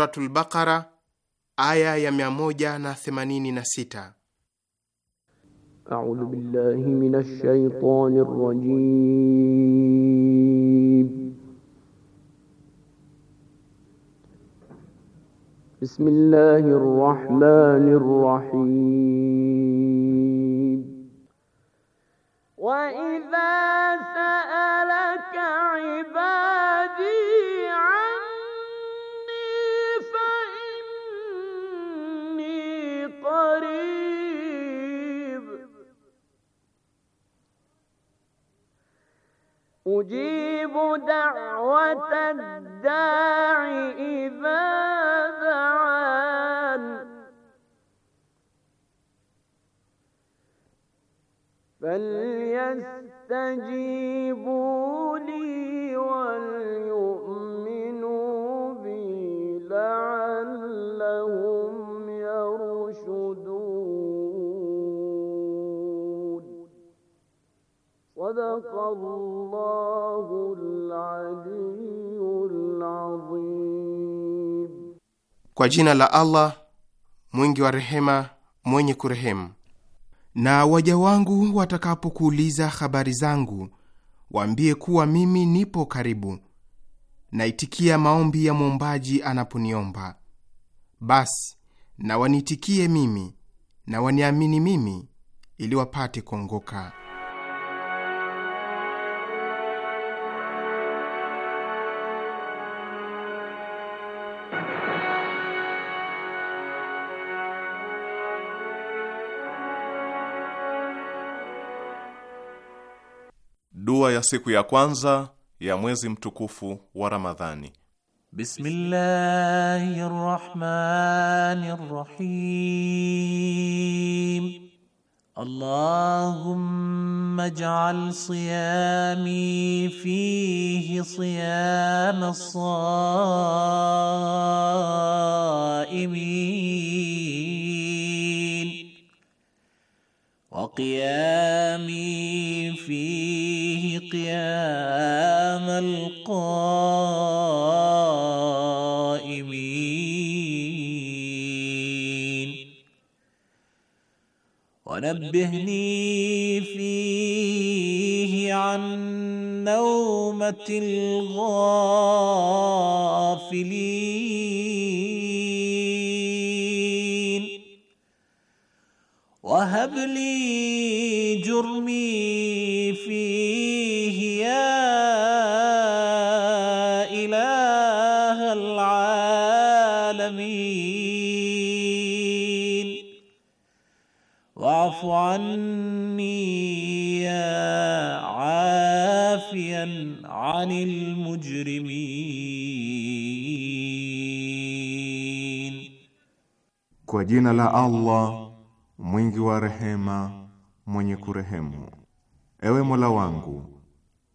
Suratul Baqara aya ya 186. A'udhu billahi minash shaitanir rajim. Bismillahir rahmanir rahim أجيب دعوة الداع إذا دعان فليستجيبوا Kwa jina la Allah mwingi wa rehema, mwenye kurehemu. Na waja wangu watakapokuuliza habari zangu, waambie kuwa mimi nipo karibu, naitikia maombi ya mwombaji anaponiomba. Basi na wanitikie mimi na waniamini mimi, ili wapate kuongoka. Dua ya siku ya kwanza ya mwezi mtukufu wa Ramadhani. Bismillahir Rahmanir Rahim. Allahumma ij'al siyami fihi siyam saimin وقيامي فيه قيام القائمين ونبهني فيه عن نومه الغافلين وهب لي جرمي فيه يا إله العالمين واعف عني يا عافيا عن المجرمين Kwa jina la Allah mwingi wa rehema, mwenye kurehemu. Ewe Mola wangu,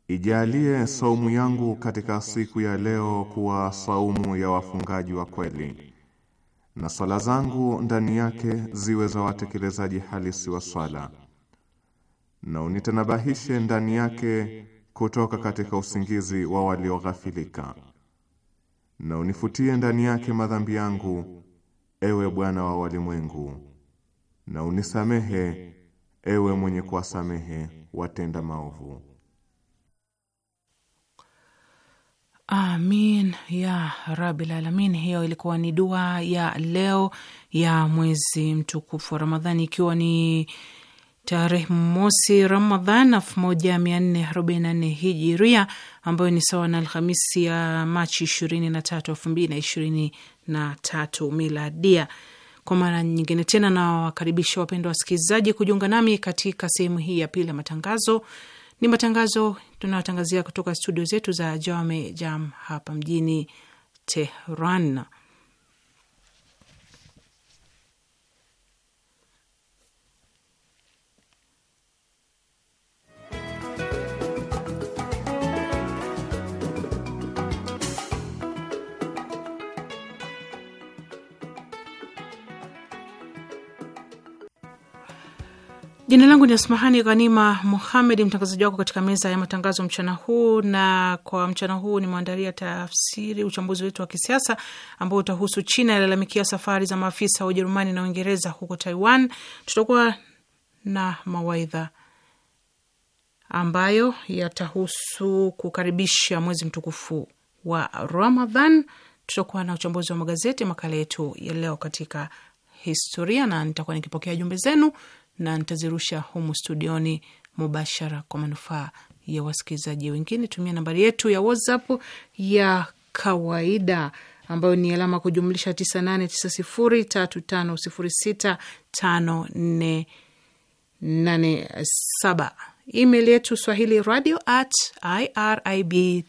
ijalie saumu yangu katika siku ya leo kuwa saumu ya wafungaji wa kweli, na swala zangu ndani yake ziwe za watekelezaji halisi wa swala, na unitanabahishe ndani yake kutoka katika usingizi wa walioghafilika, na unifutie ndani yake madhambi yangu, ewe Bwana wa walimwengu na unisamehe ewe mwenye kuwasamehe watenda maovu. Amin ya rabil alamin. Hiyo ilikuwa ni dua ya leo ya mwezi mtukufu wa Ramadhani, ikiwa ni tarehe mosi Ramadhan elfu moja mia nne arobaini na nne hijiria ambayo ni sawa na Alhamisi ya Machi ishirini na tatu elfu mbili na ishirini na tatu miladia kwa mara nyingine tena, na wakaribisha wapendwa wasikilizaji kujiunga nami katika sehemu hii ya pili ya matangazo. Ni matangazo tunayotangazia kutoka studio zetu za Jame Jam hapa mjini Tehran. Jina langu ni Asmahani Ghanima Muhamed, mtangazaji wako katika meza ya matangazo mchana huu. Na kwa mchana huu nimeandalia tafsiri uchambuzi wetu wa kisiasa ambao utahusu China yalalamikia safari za maafisa wa Ujerumani na Uingereza huko Taiwan. Tutakuwa na mawaidha ambayo yatahusu kukaribisha mwezi mtukufu wa Ramadhan. Tutakuwa na uchambuzi wa magazeti, makala yetu ya leo katika historia, na nitakuwa nikipokea jumbe zenu na ntazirusha humu studioni mubashara kwa manufaa ya wasikilizaji wengine. Tumia nambari yetu ya WhatsApp ya kawaida ambayo ni alama kujumlisha 989035065487. Email yetu swahili radio at irib ir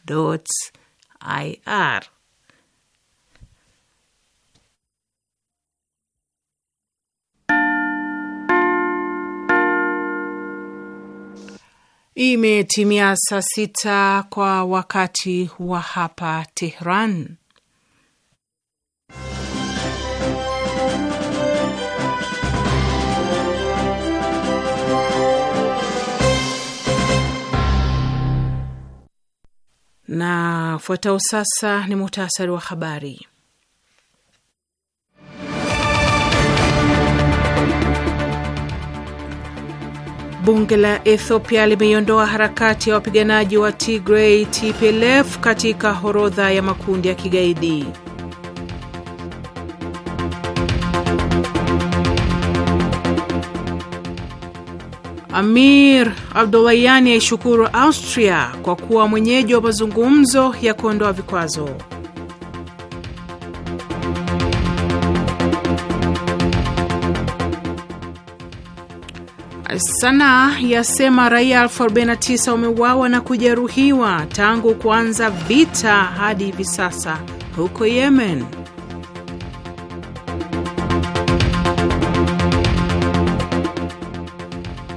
Imetimia saa sita kwa wakati wa hapa Tehran. Na fuatao sasa ni muhtasari wa habari. Bunge la Ethiopia limeiondoa harakati ya wapiganaji wa Tigray TPLF katika horodha ya makundi ya kigaidi. Amir abdullayani aishukuru Austria kwa kuwa mwenyeji wa mazungumzo ya kuondoa vikwazo. Sanaa yasema raia 49 na wameuawa na kujeruhiwa tangu kuanza vita hadi hivi sasa huko Yemen.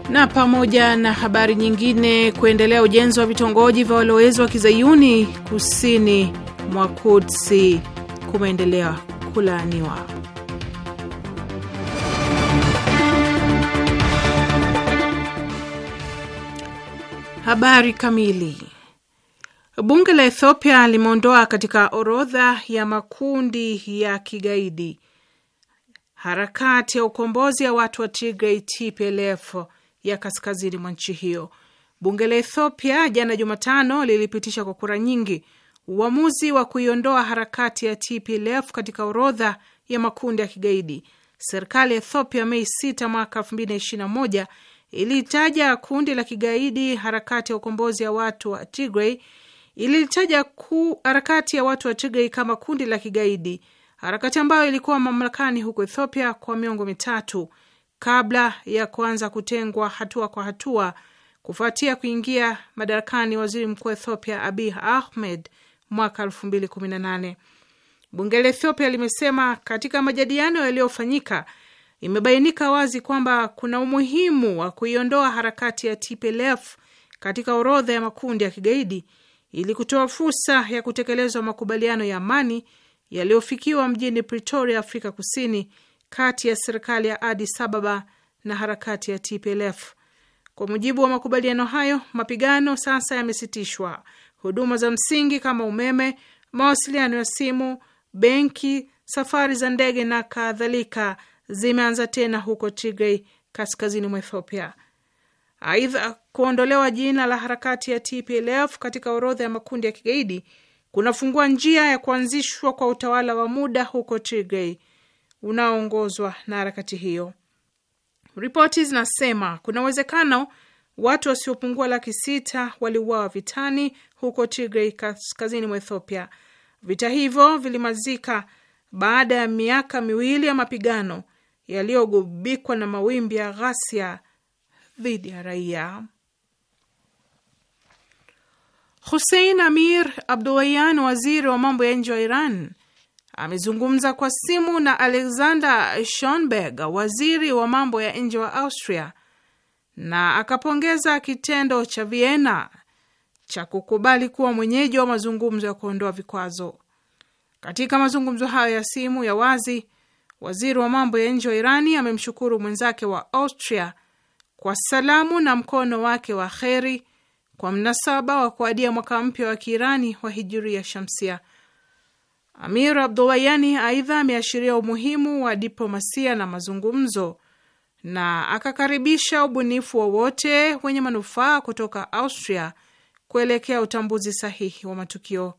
Na pamoja na habari nyingine, kuendelea ujenzi wa vitongoji vya walowezi wa kizayuni kusini mwa Kudsi kumeendelea kulaaniwa. Habari kamili. Bunge la Ethiopia limeondoa katika orodha ya makundi ya kigaidi harakati ya ukombozi ya watu wa Tigray TPLF ya kaskazini mwa nchi hiyo. Bunge la Ethiopia jana Jumatano lilipitisha kwa kura nyingi uamuzi wa kuiondoa harakati ya TPLF katika orodha ya makundi ya kigaidi. Serikali ya Ethiopia Mei 6 mwaka ilitaja kundi la kigaidi harakati ya ukombozi ya watu wa Tigray, ililitaja ku harakati ya watu wa Tigray kama kundi la kigaidi, harakati ambayo ilikuwa mamlakani huko Ethiopia kwa miongo mitatu kabla ya kuanza kutengwa hatua kwa hatua kufuatia kuingia madarakani waziri mkuu wa Ethiopia Abiy Ahmed mwaka 2018. Bunge la Ethiopia limesema katika majadiliano yaliyofanyika imebainika wazi kwamba kuna umuhimu wa kuiondoa harakati ya TPLF katika orodha ya makundi ya kigaidi ili kutoa fursa ya kutekelezwa makubaliano ya amani yaliyofikiwa mjini Pretoria, Afrika Kusini, kati ya serikali ya Addis Ababa na harakati ya TPLF. Kwa mujibu wa makubaliano hayo, mapigano sasa yamesitishwa, huduma za msingi kama umeme, mawasiliano ya simu, benki, safari za ndege na kadhalika zimeanza tena huko Tigray, kaskazini mwa Ethiopia. Aidha, kuondolewa jina la harakati ya TPLF katika orodha ya makundi ya kigaidi kunafungua njia ya kuanzishwa kwa utawala wa muda huko Tigray unaoongozwa na harakati hiyo. Ripoti zinasema kuna uwezekano watu wasiopungua laki sita waliuawa vitani huko Tigray, kaskazini mwa Ethiopia. Vita hivyo vilimalizika baada ya miaka miwili ya mapigano yaliyogubikwa na mawimbi ya ghasia dhidi ya raia. Hussein Amir Abduwayan, waziri wa mambo ya nje wa Iran, amezungumza kwa simu na Alexander Schonberg, waziri wa mambo ya nje wa Austria, na akapongeza kitendo cha Vienna cha kukubali kuwa mwenyeji wa mazungumzo ya kuondoa vikwazo. Katika mazungumzo hayo ya simu ya wazi, Waziri wa mambo ya nje wa Irani amemshukuru mwenzake wa Austria kwa salamu na mkono wake wa kheri kwa mnasaba wa kuadia mwaka mpya wa Kiirani wa hijiria shamsia. Amir Abdulayani aidha ameashiria umuhimu wa diplomasia na mazungumzo na akakaribisha ubunifu wowote wenye manufaa kutoka Austria kuelekea utambuzi sahihi wa matukio.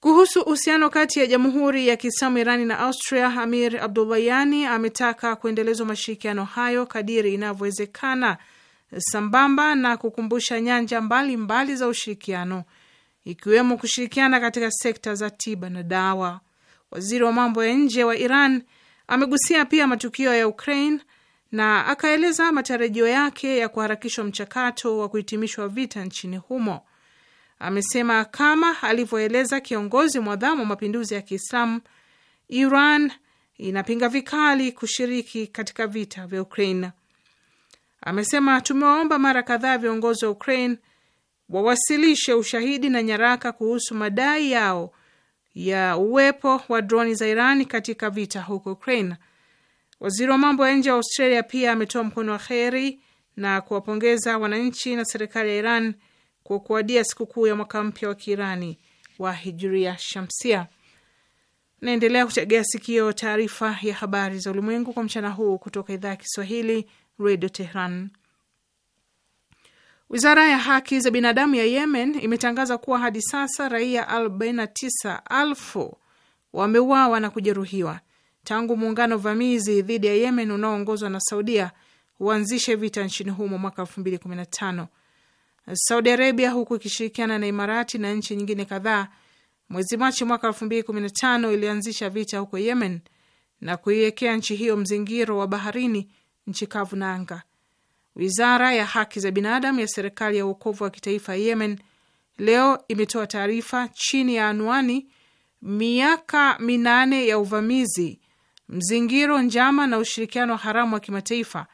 Kuhusu uhusiano kati ya Jamhuri ya Kiislamu Irani na Austria, Amir Abdullahiani ametaka kuendelezwa mashirikiano hayo kadiri inavyowezekana, sambamba na kukumbusha nyanja mbalimbali mbali za ushirikiano, ikiwemo kushirikiana katika sekta za tiba na dawa. Waziri wa mambo ya nje wa Iran amegusia pia matukio ya Ukraine na akaeleza matarajio yake ya kuharakishwa mchakato wa kuhitimishwa vita nchini humo amesema kama alivyoeleza kiongozi mwadhamu wa mapinduzi ya Kiislamu, Iran inapinga vikali kushiriki katika vita vya Ukraine. Amesema tumewaomba mara kadhaa viongozi wa Ukraine wawasilishe ushahidi na nyaraka kuhusu madai yao ya uwepo wa droni za iran katika vita huko Ukraine. Waziri wa mambo ya nje wa Australia pia ametoa mkono wa heri na kuwapongeza wananchi na serikali ya Iran kwa kuwadia sikukuu ya mwaka mpya wa Kiirani wa Hijiria Shamsia. Naendelea kutegea sikio taarifa ya habari za ulimwengu kwa mchana huu kutoka idhaa ya Kiswahili, Redio Tehran. Wizara ya haki za binadamu ya Yemen imetangaza kuwa hadi sasa raia 49,000 wameuawa na kujeruhiwa tangu muungano vamizi dhidi ya Yemen unaoongozwa na Saudia uanzishe vita nchini humo mwaka 2015. Saudi Arabia huku ikishirikiana na Imarati na nchi nyingine kadhaa, mwezi Machi mwaka elfu mbili kumi na tano ilianzisha vita huko Yemen na kuiwekea nchi hiyo mzingiro wa baharini, nchi kavu na anga. Wizara ya haki za binadamu ya serikali ya uokovu wa kitaifa Yemen leo imetoa taarifa chini ya anwani miaka minane ya uvamizi, mzingiro, njama na ushirikiano wa haramu wa kimataifa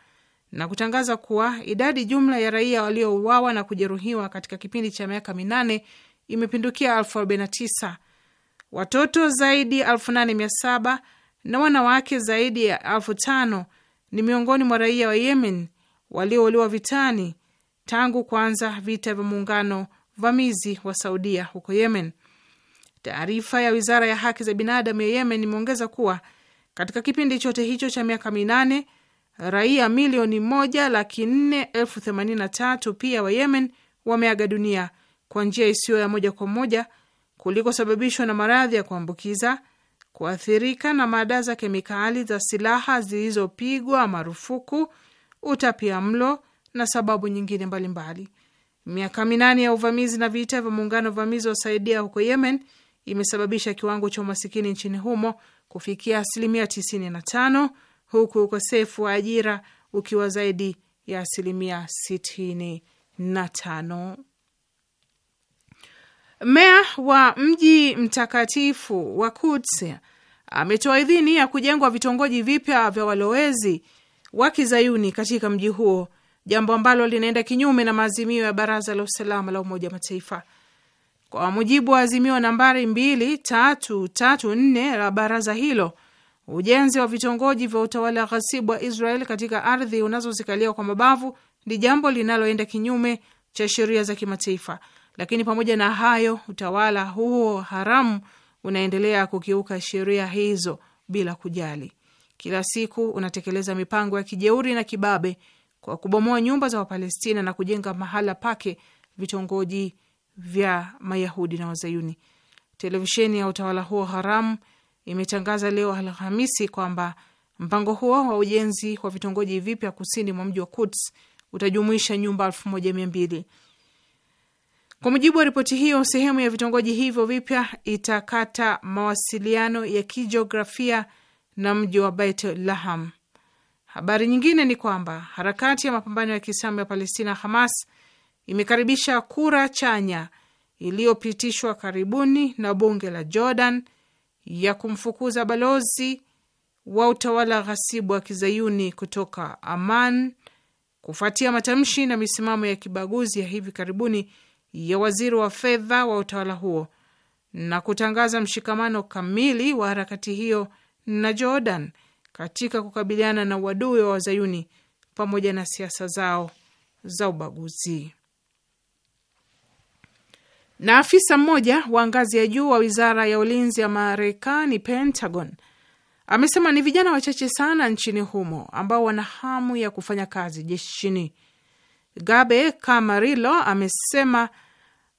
na kutangaza kuwa idadi jumla ya raia waliouawa na kujeruhiwa katika kipindi cha miaka minane imepindukia elfu arobaini na tisa. Watoto zaidi ya elfu nane mia saba na wanawake zaidi ya elfu tano ni miongoni mwa raia wa Yemen waliouliwa vitani tangu kuanza vita vya muungano vamizi wa Saudia huko Yemen. Taarifa ya wizara ya haki za binadamu ya Yemen imeongeza kuwa katika kipindi chote hicho cha miaka minane raia milioni moja laki nne elfu themanini na tatu pia wa Yemen wameaga dunia kwa njia isiyo ya moja kwa moja kulikosababishwa na maradhi ya kuambukiza, kuathirika na mada za kemikali za silaha zilizopigwa marufuku, utapia mlo na sababu nyingine mbalimbali. Miaka minane ya uvamizi na vita vya muungano uvamizi wasaidia huko Yemen imesababisha kiwango cha umasikini nchini humo kufikia asilimia 95 huku ukosefu wa ajira ukiwa zaidi ya asilimia sitini na tano. Meya wa mji mtakatifu wa Quds ametoa idhini ya kujengwa vitongoji vipya vya walowezi wa kizayuni katika mji huo, jambo ambalo linaenda kinyume na maazimio ya Baraza la Usalama la Umoja wa Mataifa. Kwa mujibu wa azimio nambari 2334 la baraza hilo, Ujenzi wa vitongoji vya utawala ghasibu wa Israel katika ardhi unazozikalia kwa mabavu ni jambo linaloenda kinyume cha sheria za kimataifa, lakini pamoja na hayo utawala huo haramu unaendelea kukiuka sheria hizo bila kujali. Kila siku unatekeleza mipango ya kijeuri na kibabe kwa kubomoa nyumba za Wapalestina na kujenga mahala pake vitongoji vya Mayahudi na Wazayuni. Televisheni ya utawala huo haramu imetangaza leo Alhamisi kwamba mpango huo wa ujenzi wa vitongoji vipya kusini mwa mji wa Kuts utajumuisha nyumba elfu moja mia mbili. Kwa mujibu wa ripoti hiyo, sehemu ya vitongoji hivyo vipya itakata mawasiliano ya kijiografia na mji wa Bait Laham. Habari nyingine ni kwamba harakati ya mapambano ya Kiislamu ya Palestina, Hamas, imekaribisha kura chanya iliyopitishwa karibuni na bunge la Jordan ya kumfukuza balozi wa utawala ghasibu wa kizayuni kutoka Aman kufuatia matamshi na misimamo ya kibaguzi ya hivi karibuni ya waziri wa fedha wa utawala huo na kutangaza mshikamano kamili wa harakati hiyo na Jordan katika kukabiliana na uadui wa wazayuni pamoja na siasa zao za ubaguzi. Na afisa mmoja wa ngazi ya juu wa wizara ya ulinzi ya Marekani, Pentagon, amesema ni vijana wachache sana nchini humo ambao wana hamu ya kufanya kazi jeshini. Gabe Kamarilo amesema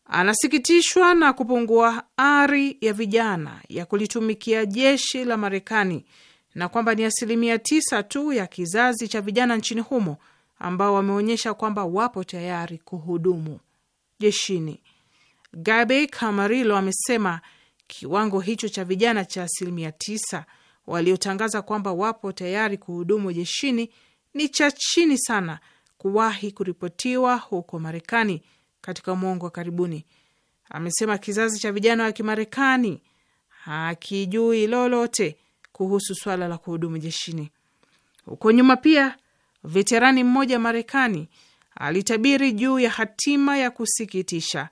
anasikitishwa na kupungua ari ya vijana ya kulitumikia jeshi la Marekani na kwamba ni asilimia tisa tu ya kizazi cha vijana nchini humo ambao wameonyesha kwamba wapo tayari kuhudumu jeshini. Gabe camarilo amesema kiwango hicho cha vijana cha asilimia tisa waliotangaza kwamba wapo tayari kuhudumu jeshini ni cha chini sana kuwahi kuripotiwa huko Marekani katika mwongo wa karibuni. Amesema kizazi cha vijana wa Kimarekani hakijui lolote kuhusu swala la kuhudumu jeshini. Huko nyuma pia veterani mmoja Marekani alitabiri juu ya hatima ya kusikitisha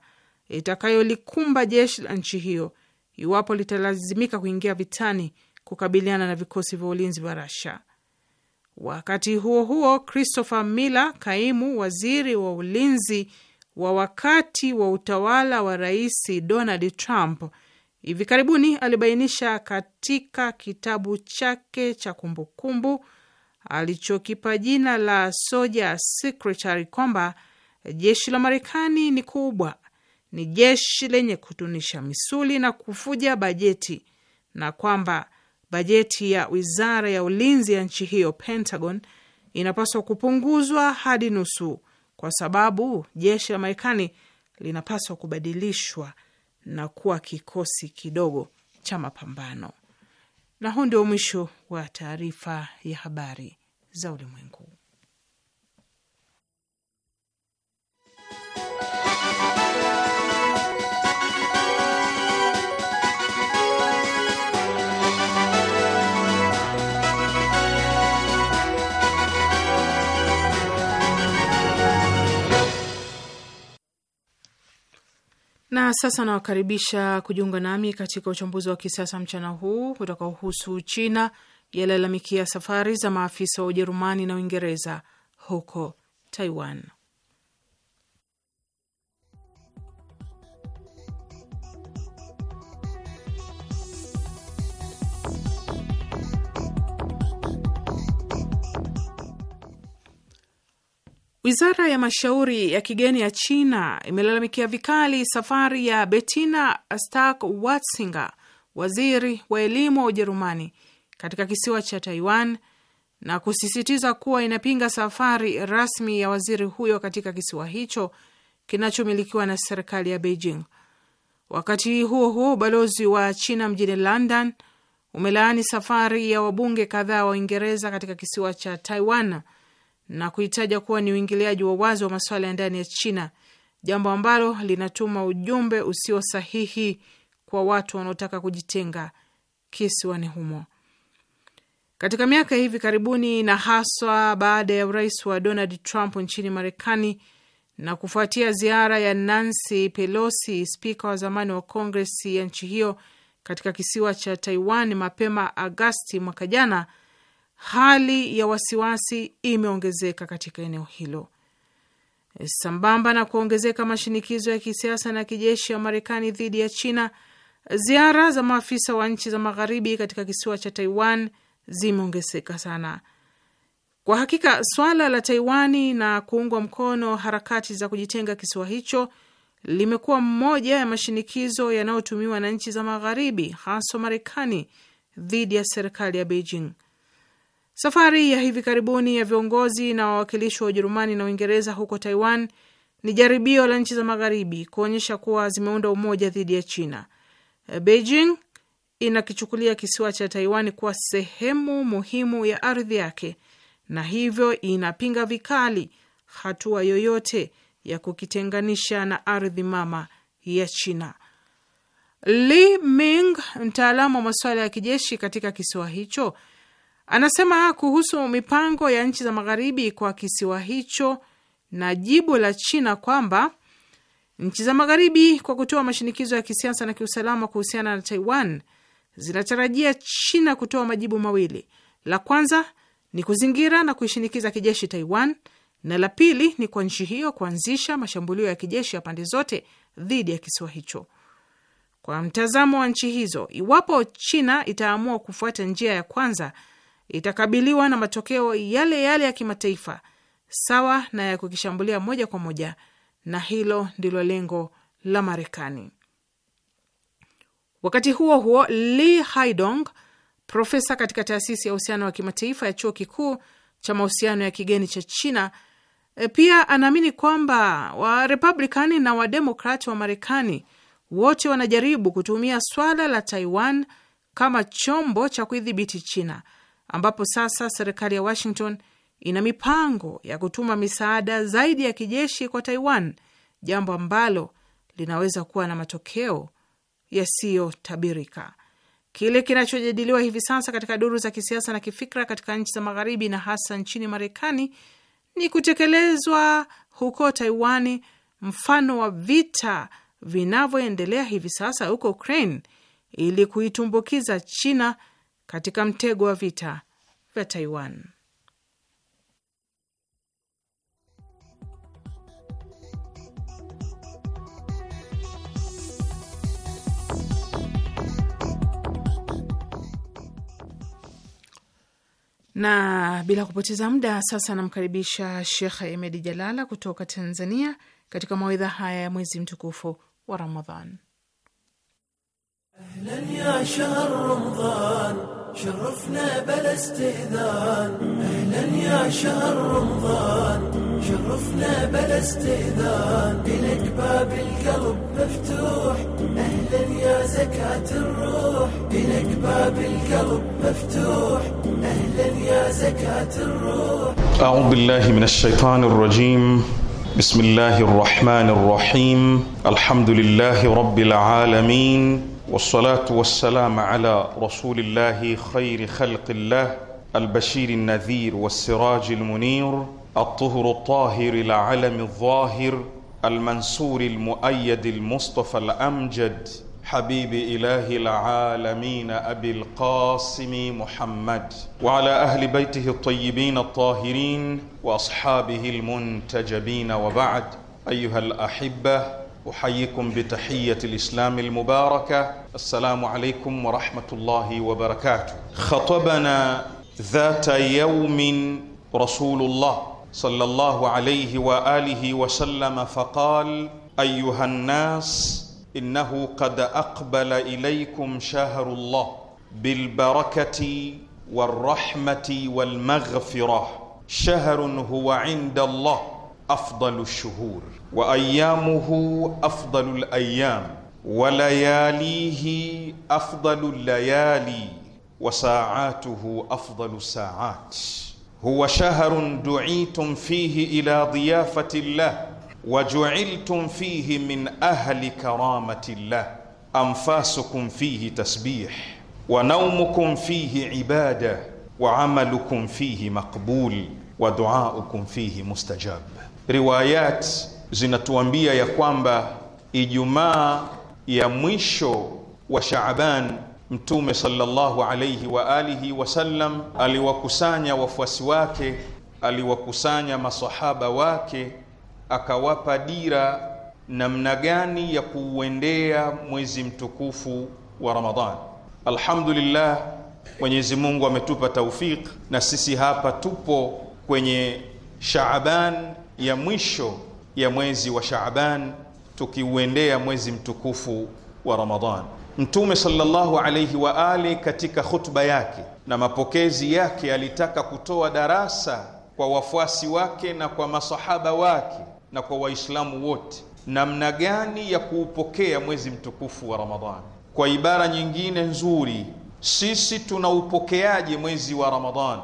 itakayolikumba jeshi la nchi hiyo iwapo litalazimika kuingia vitani kukabiliana na vikosi vya ulinzi wa Rasha. Wakati huo huo, Christopher Miller, kaimu waziri wa ulinzi wa wakati wa utawala wa Rais Donald Trump, hivi karibuni alibainisha katika kitabu chake cha kumbukumbu alichokipa jina la Soja Secretary kwamba jeshi la Marekani ni kubwa ni jeshi lenye kutunisha misuli na kufuja bajeti na kwamba bajeti ya wizara ya ulinzi ya nchi hiyo Pentagon inapaswa kupunguzwa hadi nusu, kwa sababu jeshi la Marekani linapaswa kubadilishwa na kuwa kikosi kidogo cha mapambano. Na huu ndio mwisho wa taarifa ya habari za ulimwengu. Na sasa nawakaribisha kujiunga nami katika uchambuzi wa kisiasa mchana huu utakaohusu China yalalamikia safari za maafisa wa Ujerumani na Uingereza huko Taiwan. Wizara ya mashauri ya kigeni ya China imelalamikia vikali safari ya Bettina Stark-Watzinger, waziri wa elimu wa Ujerumani, katika kisiwa cha Taiwan na kusisitiza kuwa inapinga safari rasmi ya waziri huyo katika kisiwa hicho kinachomilikiwa na serikali ya Beijing. Wakati huo huo, ubalozi wa China mjini London umelaani safari ya wabunge kadhaa wa Uingereza katika kisiwa cha Taiwan na kuitaja kuwa ni uingiliaji wa wazi wa masuala ya ndani ya China, jambo ambalo linatuma ujumbe usio sahihi kwa watu wanaotaka kujitenga kisiwani humo. Katika miaka hivi karibuni, na haswa baada ya urais wa Donald Trump nchini Marekani na kufuatia ziara ya Nancy Pelosi, spika wa zamani wa Kongresi ya nchi hiyo katika kisiwa cha Taiwan mapema Agasti mwaka jana hali ya wasiwasi imeongezeka katika eneo hilo sambamba na kuongezeka mashinikizo ya kisiasa na kijeshi ya Marekani dhidi ya China. Ziara za maafisa wa nchi za magharibi katika kisiwa cha Taiwan zimeongezeka sana. Kwa hakika, swala la Taiwani na kuungwa mkono harakati za kujitenga kisiwa hicho limekuwa mmoja ya mashinikizo yanayotumiwa na nchi za magharibi, haswa Marekani, dhidi ya serikali ya Beijing. Safari ya hivi karibuni ya viongozi na wawakilishi wa Ujerumani na Uingereza huko Taiwan ni jaribio la nchi za magharibi kuonyesha kuwa zimeunda umoja dhidi ya China. Beijing inakichukulia kisiwa cha Taiwan kuwa sehemu muhimu ya ardhi yake na hivyo inapinga vikali hatua yoyote ya kukitenganisha na ardhi mama ya China. Li Ming, mtaalamu wa masuala ya kijeshi katika kisiwa hicho, Anasema kuhusu mipango ya nchi za magharibi kwa kisiwa hicho na jibu la China kwamba nchi za magharibi kwa kutoa mashinikizo ya kisiasa na kiusalama kuhusiana na Taiwan zinatarajia China kutoa majibu mawili. La kwanza ni kuzingira na kuishinikiza kijeshi Taiwan, na la pili ni kwa nchi hiyo kuanzisha mashambulio ya kijeshi ya pande zote dhidi ya kisiwa hicho. Kwa mtazamo wa nchi hizo, iwapo China itaamua kufuata njia ya kwanza itakabiliwa na matokeo yale yale ya kimataifa sawa na ya kukishambulia moja kwa moja, na hilo ndilo lengo la Marekani. Wakati huo huo, Lee Haidong, profesa katika taasisi ya uhusiano wa kimataifa ya chuo kikuu cha mahusiano ya kigeni cha China, e, pia anaamini kwamba Warepublikani na Wademokrat wa Marekani wote wanajaribu kutumia swala la Taiwan kama chombo cha kuidhibiti China ambapo sasa serikali ya Washington ina mipango ya kutuma misaada zaidi ya kijeshi kwa Taiwan, jambo ambalo linaweza kuwa na matokeo yasiyotabirika. Kile kinachojadiliwa hivi sasa katika duru za kisiasa na kifikra katika nchi za Magharibi na hasa nchini Marekani ni kutekelezwa huko Taiwani mfano wa vita vinavyoendelea hivi sasa huko Ukraine ili kuitumbukiza China katika mtego wa vita vya Taiwan. Na bila kupoteza muda sasa, namkaribisha Shekh Emedi Jalala kutoka Tanzania katika mawaidha haya ya mwezi mtukufu wa Ramadhan. Ahlan ya shahr Ramadhan شرفنا بلا استئذان اهلا يا شهر رمضان شرفنا بلا استئذان الك باب القلب مفتوح اهلا يا زكاة الروح الك باب القلب مفتوح اهلا يا زكاة الروح اعوذ بالله من الشيطان الرجيم بسم الله الرحمن الرحيم الحمد لله رب العالمين والصلاة والسلام على رسول الله خير خلق الله البشير النذير والسراج المنير الطهر الطاهر العلم الظاهر المنصور المؤيد المصطفى الأمجد حبيب إله العالمين أبي القاسم محمد وعلى أهل بيته الطيبين الطاهرين وأصحابه المنتجبين وبعد أيها الأحبة احييكم بتحيه الاسلام المباركه السلام عليكم ورحمه الله وبركاته خطبنا ذات يوم رسول الله صلى الله عليه واله وسلم فقال ايها الناس انه قد اقبل اليكم شهر الله بالبركه والرحمه والمغفره شهر هو عند الله افضل الشهور وايامه افضل الايام ولياليه افضل الليالي وساعاته افضل الساعات هو شهر دعيتم فيه الى ضيافه الله وجعلتم فيه من اهل كرامه الله انفاسكم فيه تسبيح ونومكم فيه عباده وعملكم فيه مقبول ودعاؤكم فيه مستجاب روايات zinatuambia ya kwamba Ijumaa ya mwisho wa Shaaban Mtume sallallahu alayhi wa alihi sallam aliwakusanya wafuasi wake, aliwakusanya masahaba wake, akawapa dira namna gani ya kuuendea mwezi mtukufu wa Ramadhan. Alhamdulillah, Mwenyezi Mungu ametupa taufik na sisi hapa tupo kwenye Shaaban ya mwisho ya mwezi wa Shaaban, tukiuendea mwezi mtukufu wa Ramadhan. Mtume sallallahu alayhi wa ali katika khutba yake na mapokezi yake alitaka kutoa darasa kwa wafuasi wake na kwa masahaba wake na kwa Waislamu wote namna gani ya kuupokea mwezi mtukufu wa Ramadhan. Kwa ibara nyingine nzuri, sisi tunaupokeaje mwezi wa Ramadhan?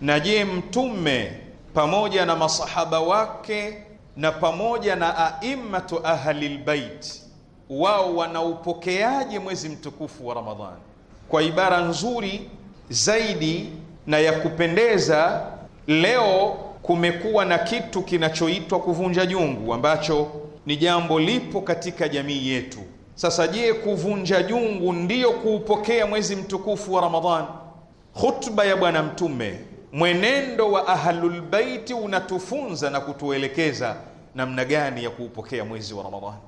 Na je, mtume pamoja na masahaba wake na pamoja na aimmatu ahli bait, wao wanaupokeaje mwezi mtukufu wa Ramadhani? Kwa ibara nzuri zaidi na ya kupendeza, leo kumekuwa na kitu kinachoitwa kuvunja jungu ambacho ni jambo lipo katika jamii yetu. Sasa je, kuvunja jungu ndiyo kuupokea mwezi mtukufu wa Ramadhani? Khutba ya Bwana Mtume Mwenendo wa ahlulbeiti unatufunza na kutuelekeza namna gani ya kuupokea mwezi wa Ramadhani.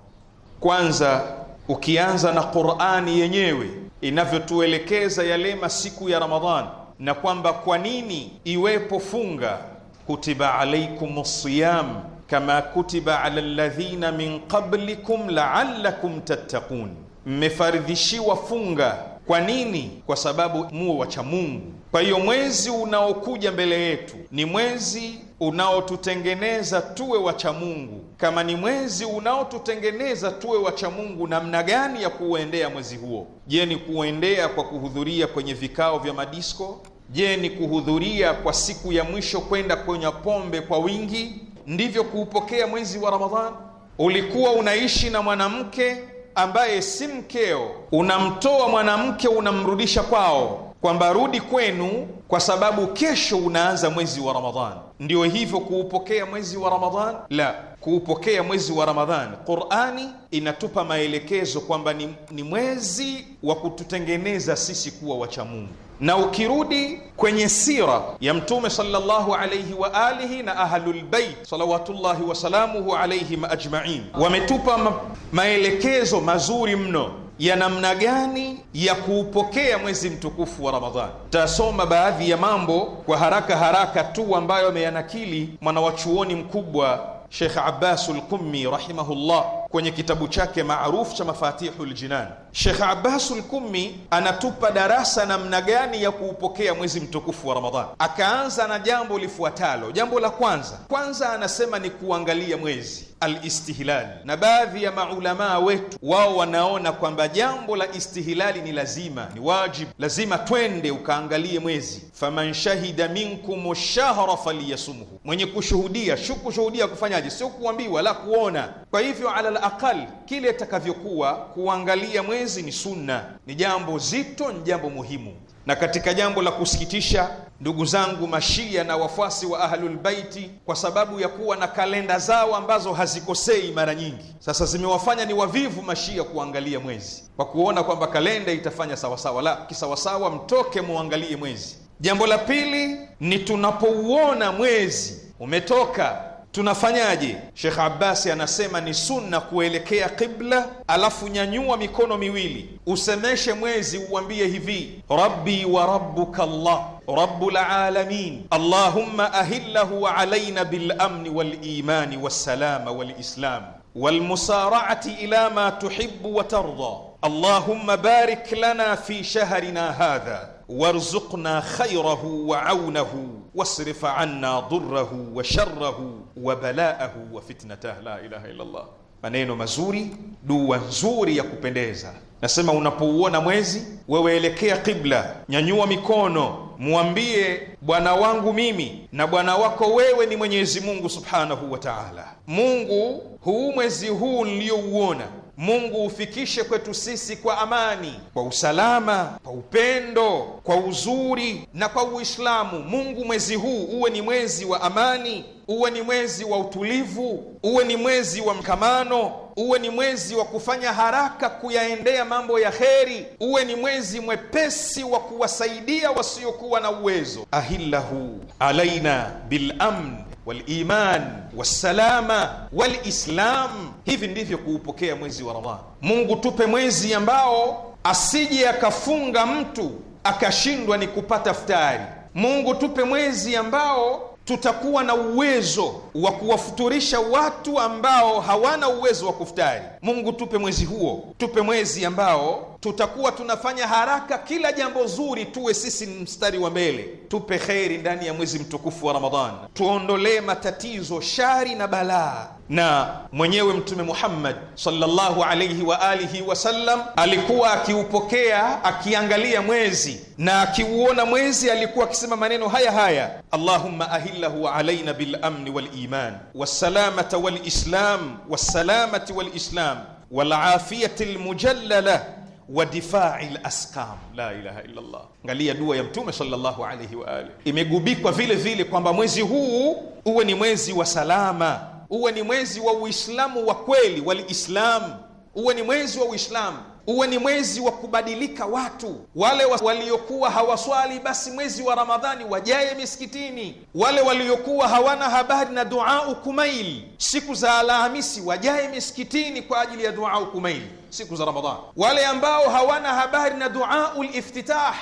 Kwanza, ukianza na Qur'ani yenyewe inavyotuelekeza yale masiku ya Ramadhani na kwamba kwa nini iwepo funga, kutiba alaikum siyam kama kutiba ala alladhina min qablikum la'allakum tattaqun, mmefaridhishiwa funga. Kwa nini? Kwa sababu muwe wacha Mungu kwa hiyo mwezi unaokuja mbele yetu ni mwezi unaotutengeneza tuwe wacha Mungu. Kama ni mwezi unaotutengeneza tuwe wacha Mungu, namna gani ya kuuendea mwezi huo? Je, ni kuuendea kwa kuhudhuria kwenye vikao vya madisko? Je, ni kuhudhuria kwa siku ya mwisho kwenda kwenye pombe kwa wingi? Ndivyo kuupokea mwezi wa Ramadhani? Ulikuwa unaishi na mwanamke ambaye si mkeo, unamtoa mwanamke, unamrudisha kwao kwamba rudi kwenu, kwa sababu kesho unaanza mwezi wa Ramadhani. ndio hivyo kuupokea mwezi wa Ramadhani? La, kuupokea mwezi wa Ramadhani, Qurani inatupa maelekezo kwamba ni, ni mwezi wa kututengeneza sisi kuwa wachamungu na ukirudi kwenye sira ya Mtume sallallahu alayhi wa alihi na Ahlulbeit salawatullahi wasalamuhu alaihim ajmain, wametupa ma maelekezo mazuri mno ya namna gani ya kuupokea mwezi mtukufu wa Ramadhani. Tasoma baadhi ya mambo kwa haraka haraka tu ambayo ameyanakili mwanawachuoni mkubwa Shekh Abbasul Qummi rahimahullah kwenye kitabu chake maarufu cha mafatihu ljinan shekh abbasu Lkumi anatupa darasa namna gani ya kuupokea mwezi mtukufu wa ramadan Akaanza na jambo lifuatalo. Jambo la kwanza, kwanza anasema ni kuangalia mwezi alistihlali, na baadhi ya maulamaa wetu wao wanaona kwamba jambo la istihlali ni lazima, ni wajibu, lazima twende ukaangalie mwezi. Faman shahida minkum shahra falyasumhu, mwenye kushuhudia. Shukushuhudia kufanyaje? Sio kuambiwa la kuona. Kwa hivyo ala alaqal kile itakavyokuwa kuangalia mwezi ni sunna, ni jambo zito, ni jambo muhimu. Na katika jambo la kusikitisha, ndugu zangu Mashia na wafuasi wa Ahlulbaiti, kwa sababu ya kuwa na kalenda zao ambazo hazikosei mara nyingi, sasa zimewafanya ni wavivu Mashia kuangalia mwezi kwa kuona kwamba kalenda itafanya sawasawa. La, kisawasawa, mtoke muangalie mwezi. Jambo la pili ni tunapouona mwezi umetoka tunafanyaje? Shekh Abbasi anasema ni sunna kuelekea qibla, alafu nyanyua mikono miwili, usemeshe mwezi, uambie hivi rabbi wa rabbuka llah rabbul alamin allahumma ahillahu alaina bilamni walimani wassalama walislam walmusaraati ila ma tuhibu wa tarda allahumma barik lana fi shahrina hadha warzuqna khairahu wa aunahu wasrif anna dhurrahu wa sharrahu wa balaahu wa fitnatah. La ilaha illa Allah. Maneno mazuri, dua nzuri ya kupendeza. Nasema unapouona mwezi wewe, elekea qibla, nyanyua mikono, mwambie bwana wangu mimi na bwana wako wewe ni Mwenyezi Mungu subhanahu wa taala. Mungu, huu mwezi huu niliyouona Mungu ufikishe kwetu sisi kwa amani, kwa usalama, kwa upendo, kwa uzuri na kwa Uislamu. Mungu, mwezi huu uwe ni mwezi wa amani, uwe ni mwezi wa utulivu, uwe ni mwezi wa mkamano uwe ni mwezi wa kufanya haraka kuyaendea mambo ya kheri, uwe ni mwezi mwepesi wa kuwasaidia wasiokuwa na uwezo. ahillahu alaina bilamn waliman wassalama walislam. Hivi ndivyo kuupokea mwezi wa Ramadhani. Mungu tupe mwezi ambao asije akafunga mtu akashindwa ni kupata futari. Mungu tupe mwezi ambao tutakuwa na uwezo wa kuwafuturisha watu ambao hawana uwezo wa kufutari. Mungu tupe mwezi huo, tupe mwezi ambao tutakuwa tunafanya haraka kila jambo zuri, tuwe sisi mstari wa mbele, tupe kheri ndani ya mwezi mtukufu wa Ramadhan, tuondolee matatizo, shari na balaa. Na mwenyewe Mtume Muhammad sallallahu alayhi wa alihi wasallam alikuwa akiupokea akiangalia mwezi na akiuona mwezi, alikuwa akisema maneno haya haya: Allahumma ahillahu alaina bilamni waliman wassalamata walislam wassalamati walislam walafiyati lmujallala wa difai lasqam. La ilaha illallah. Angalia dua ya Mtume sallallahu alayhi wa alihi, imegubikwa vile vile kwamba mwezi huu uwe ni mwezi wa salama, uwe ni mwezi wa Uislamu wa kweli, waliislamu, uwe ni mwezi wa Uislamu, uwe ni mwezi wa kubadilika watu. Wale waliokuwa hawaswali basi mwezi wa Ramadhani wajaye misikitini, wale waliokuwa hawana habari na duau kumaili siku za Alhamisi wajaye misikitini kwa ajili ya duau kumaili siku za ramadhan Wale ambao hawana habari na duau liftitah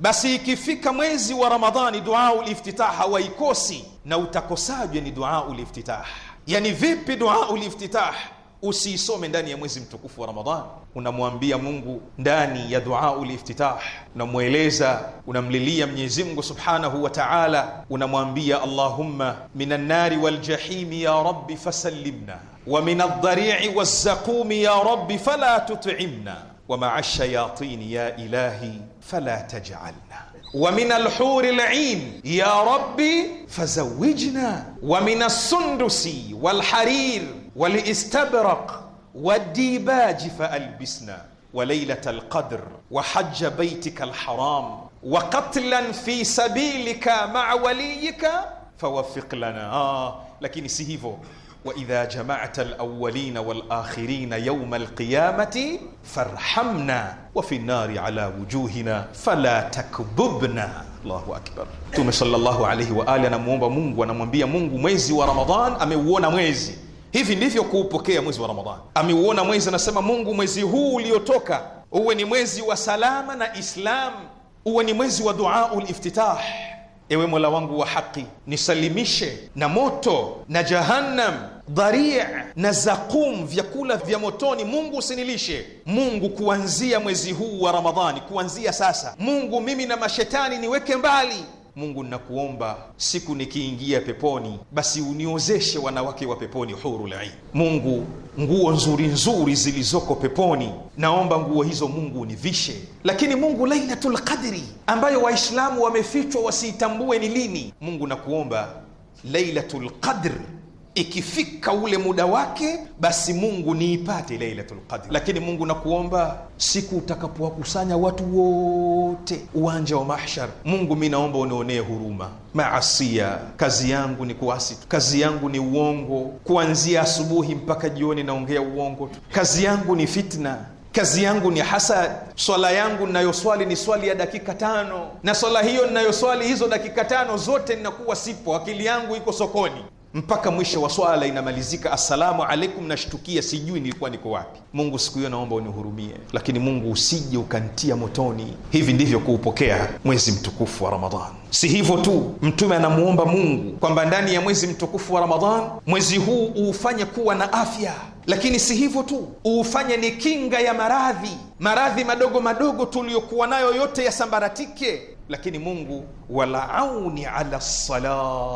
basi ikifika mwezi wa Ramadhani duaul iftitah hawaikosi, na utakosajwe Ni duau liftitah Yani vipi duaul iftitah? usiisome ndani ya mwezi mtukufu wa Ramadhani. Unamwambia Mungu ndani ya duaul iftitah, unamweleza, unamlilia Mwenyezi Mungu subhanahu wa taala, unamwambia Allahumma minan nari wal jahimi ya rabbi fasallimna wa min aldharii wazzaqumi ya rabbi fala tut'imna wa ma'a shayatini ya ilahi fala taj'alna wa min alhuri lain ya rabbi fazawijna wa min assundusi walharir والاستبرق والديباج فألبسنا وليلة القدر وحج بيتك الحرام وقتلا في سبيلك مع وليك فوفق لنا آه لكن سيهيفو وإذا جمعت الأولين والآخرين يوم القيامة فارحمنا وفي النار على وجوهنا فلا تكببنا الله اكبر Mtume sallallahu alaihi wa ali anamuomba Mungu, anamwambia مونغ ميزي ورمضان أمي ameuona ميزي Hivi ndivyo kuupokea mwezi wa Ramadhani. Ameuona mwezi, anasema Mungu, mwezi huu uliotoka uwe ni mwezi wa salama na Islam, uwe ni mwezi wa duau liftitah Ewe Mola wangu wa haki, nisalimishe na moto na jahannam dharia na zakum, vyakula vya motoni. Mungu usinilishe Mungu, kuanzia mwezi huu wa Ramadhani, kuanzia sasa Mungu, mimi na mashetani niweke mbali Mungu nakuomba siku nikiingia peponi, basi uniozeshe wanawake wa peponi, hurul ain. Mungu, nguo nzuri nzuri zilizoko peponi, naomba nguo hizo Mungu univishe. Lakini Mungu, Lailatul Qadri ambayo Waislamu wamefichwa wasiitambue ni lini, Mungu nakuomba Lailatul Qadri ikifika ule muda wake, basi Mungu niipate Lailatul Qadr. Lakini Mungu nakuomba, siku utakapowakusanya watu wote uwanja wa mahshar, Mungu mi naomba unionee huruma maasia. Kazi yangu ni kuasi tu, kazi yangu ni uongo, kuanzia asubuhi mpaka jioni naongea uongo tu, kazi yangu ni fitna kazi yangu ni hasad. Swala yangu ninayoswali ni swali ya dakika tano, na swala hiyo ninayoswali hizo dakika tano zote ninakuwa sipo, akili yangu iko sokoni mpaka mwisho wa swala inamalizika, assalamu alaikum, nashtukia sijui nilikuwa niko wapi. Mungu siku hiyo naomba unihurumie, lakini Mungu usije ukantia motoni. Hivi ndivyo kuupokea mwezi mtukufu wa ramadhan Si hivyo tu, Mtume anamuomba Mungu kwamba ndani ya mwezi mtukufu wa ramadan mwezi huu uufanye kuwa na afya, lakini si hivyo tu, uufanye ni kinga ya maradhi, maradhi madogo madogo tuliyokuwa nayo yote yasambaratike. Lakini Mungu wala auni ala salah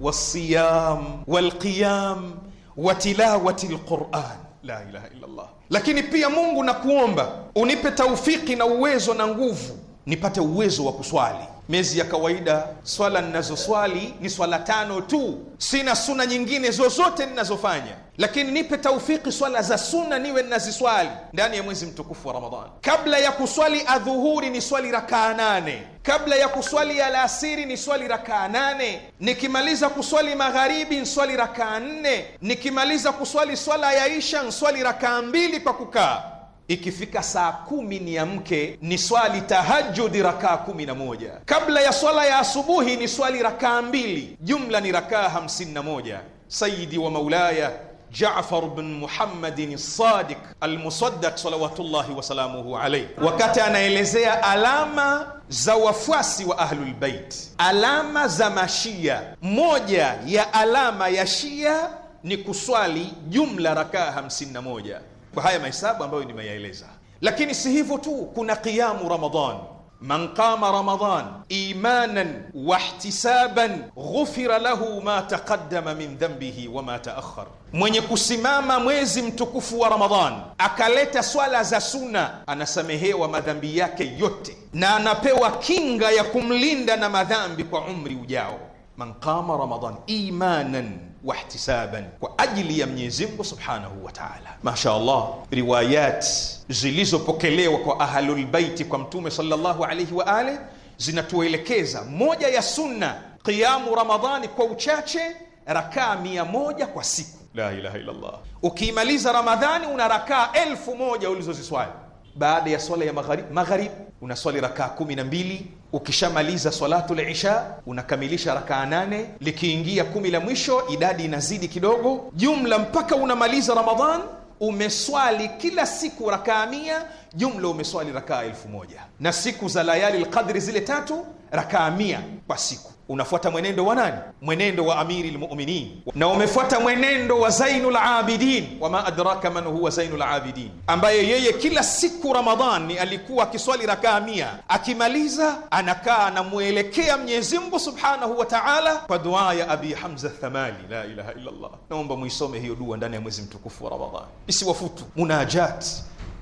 wasiyam walqiyam wa tilawati lquran la ilaha illa llah Lakini pia Mungu, nakuomba unipe taufiki na uwezo na nguvu, nipate uwezo wa kuswali miezi ya kawaida swala ninazoswali ni swala tano tu, sina suna nyingine zozote ninazofanya, lakini nipe taufiki swala za suna niwe ninaziswali ndani ya mwezi mtukufu wa Ramadhani. Kabla ya kuswali adhuhuri ni swali rakaa nane, kabla ya kuswali alasiri ni swali rakaa nane, nikimaliza kuswali magharibi nswali rakaa nne, nikimaliza kuswali swala ya isha nswali rakaa mbili kwa kukaa Ikifika saa kumi ni amke ni swali tahajudi rakaa kumi na moja kabla ya swala ya asubuhi ni swali rakaa mbili, jumla ni rakaa hamsini na moja. Sayidi wa maulaya Jafar bin Muhammadin Sadiq Almusaddaq salawatullahi wasalamuhu alaih, wakati anaelezea alama za wafuasi wa Ahlulbeit, alama za Mashia, moja ya alama ya Shia ni kuswali jumla rakaa hamsini na moja kwa haya mahesabu ambayo nimeyaeleza. Lakini si hivyo tu, kuna qiyamu Ramadan. Man qama Ramadan imanan wahtisaban ghufira lahu ma taqaddama min dhanbihi wa ma taakhar, mwenye kusimama mwezi mtukufu wa Ramadan akaleta swala za suna, anasamehewa madhambi yake yote na anapewa kinga ya kumlinda na madhambi kwa umri ujao. Man qama Ramadan imanan wahtisaban, kwa ajili ya Mwenyezi Mungu subhanahu wa taala. Masha Allah, riwayat zilizopokelewa kwa ahlulbaiti kwa Mtume sallallahu alaihi wa ali zinatuelekeza moja ya sunna qiyamu Ramadhani, kwa uchache rakaa mia moja kwa siku. La ilaha illallah, ukiimaliza Ramadhani una rakaa elfu moja ulizoziswali baada ya swala ya magharib magharib unaswali rakaa kumi na mbili. Ukishamaliza swalatu lisha unakamilisha rakaa nane. Likiingia kumi la mwisho idadi inazidi kidogo, jumla mpaka unamaliza Ramadhan umeswali kila siku rakaa mia, jumla umeswali rakaa elfu moja na siku za layali lqadri zile tatu rakaa mia kwa siku unafuata mwenendo wa nani? Mwenendo wa amiri lmuminin, na umefuata mwenendo wa zainu labidin. Wama adraka man huwa zainu labidin, ambaye yeye kila siku Ramadhani alikuwa akiswali rakaa mia, akimaliza anakaa anamwelekea Mwenyezi Mungu subhanahu wa taala kwa dua ya Abi Hamza Thamali, la ilaha illallah. Naomba muisome hiyo dua ndani ya mwezi mtukufu wa Ramadhani, isiwafutu munajat,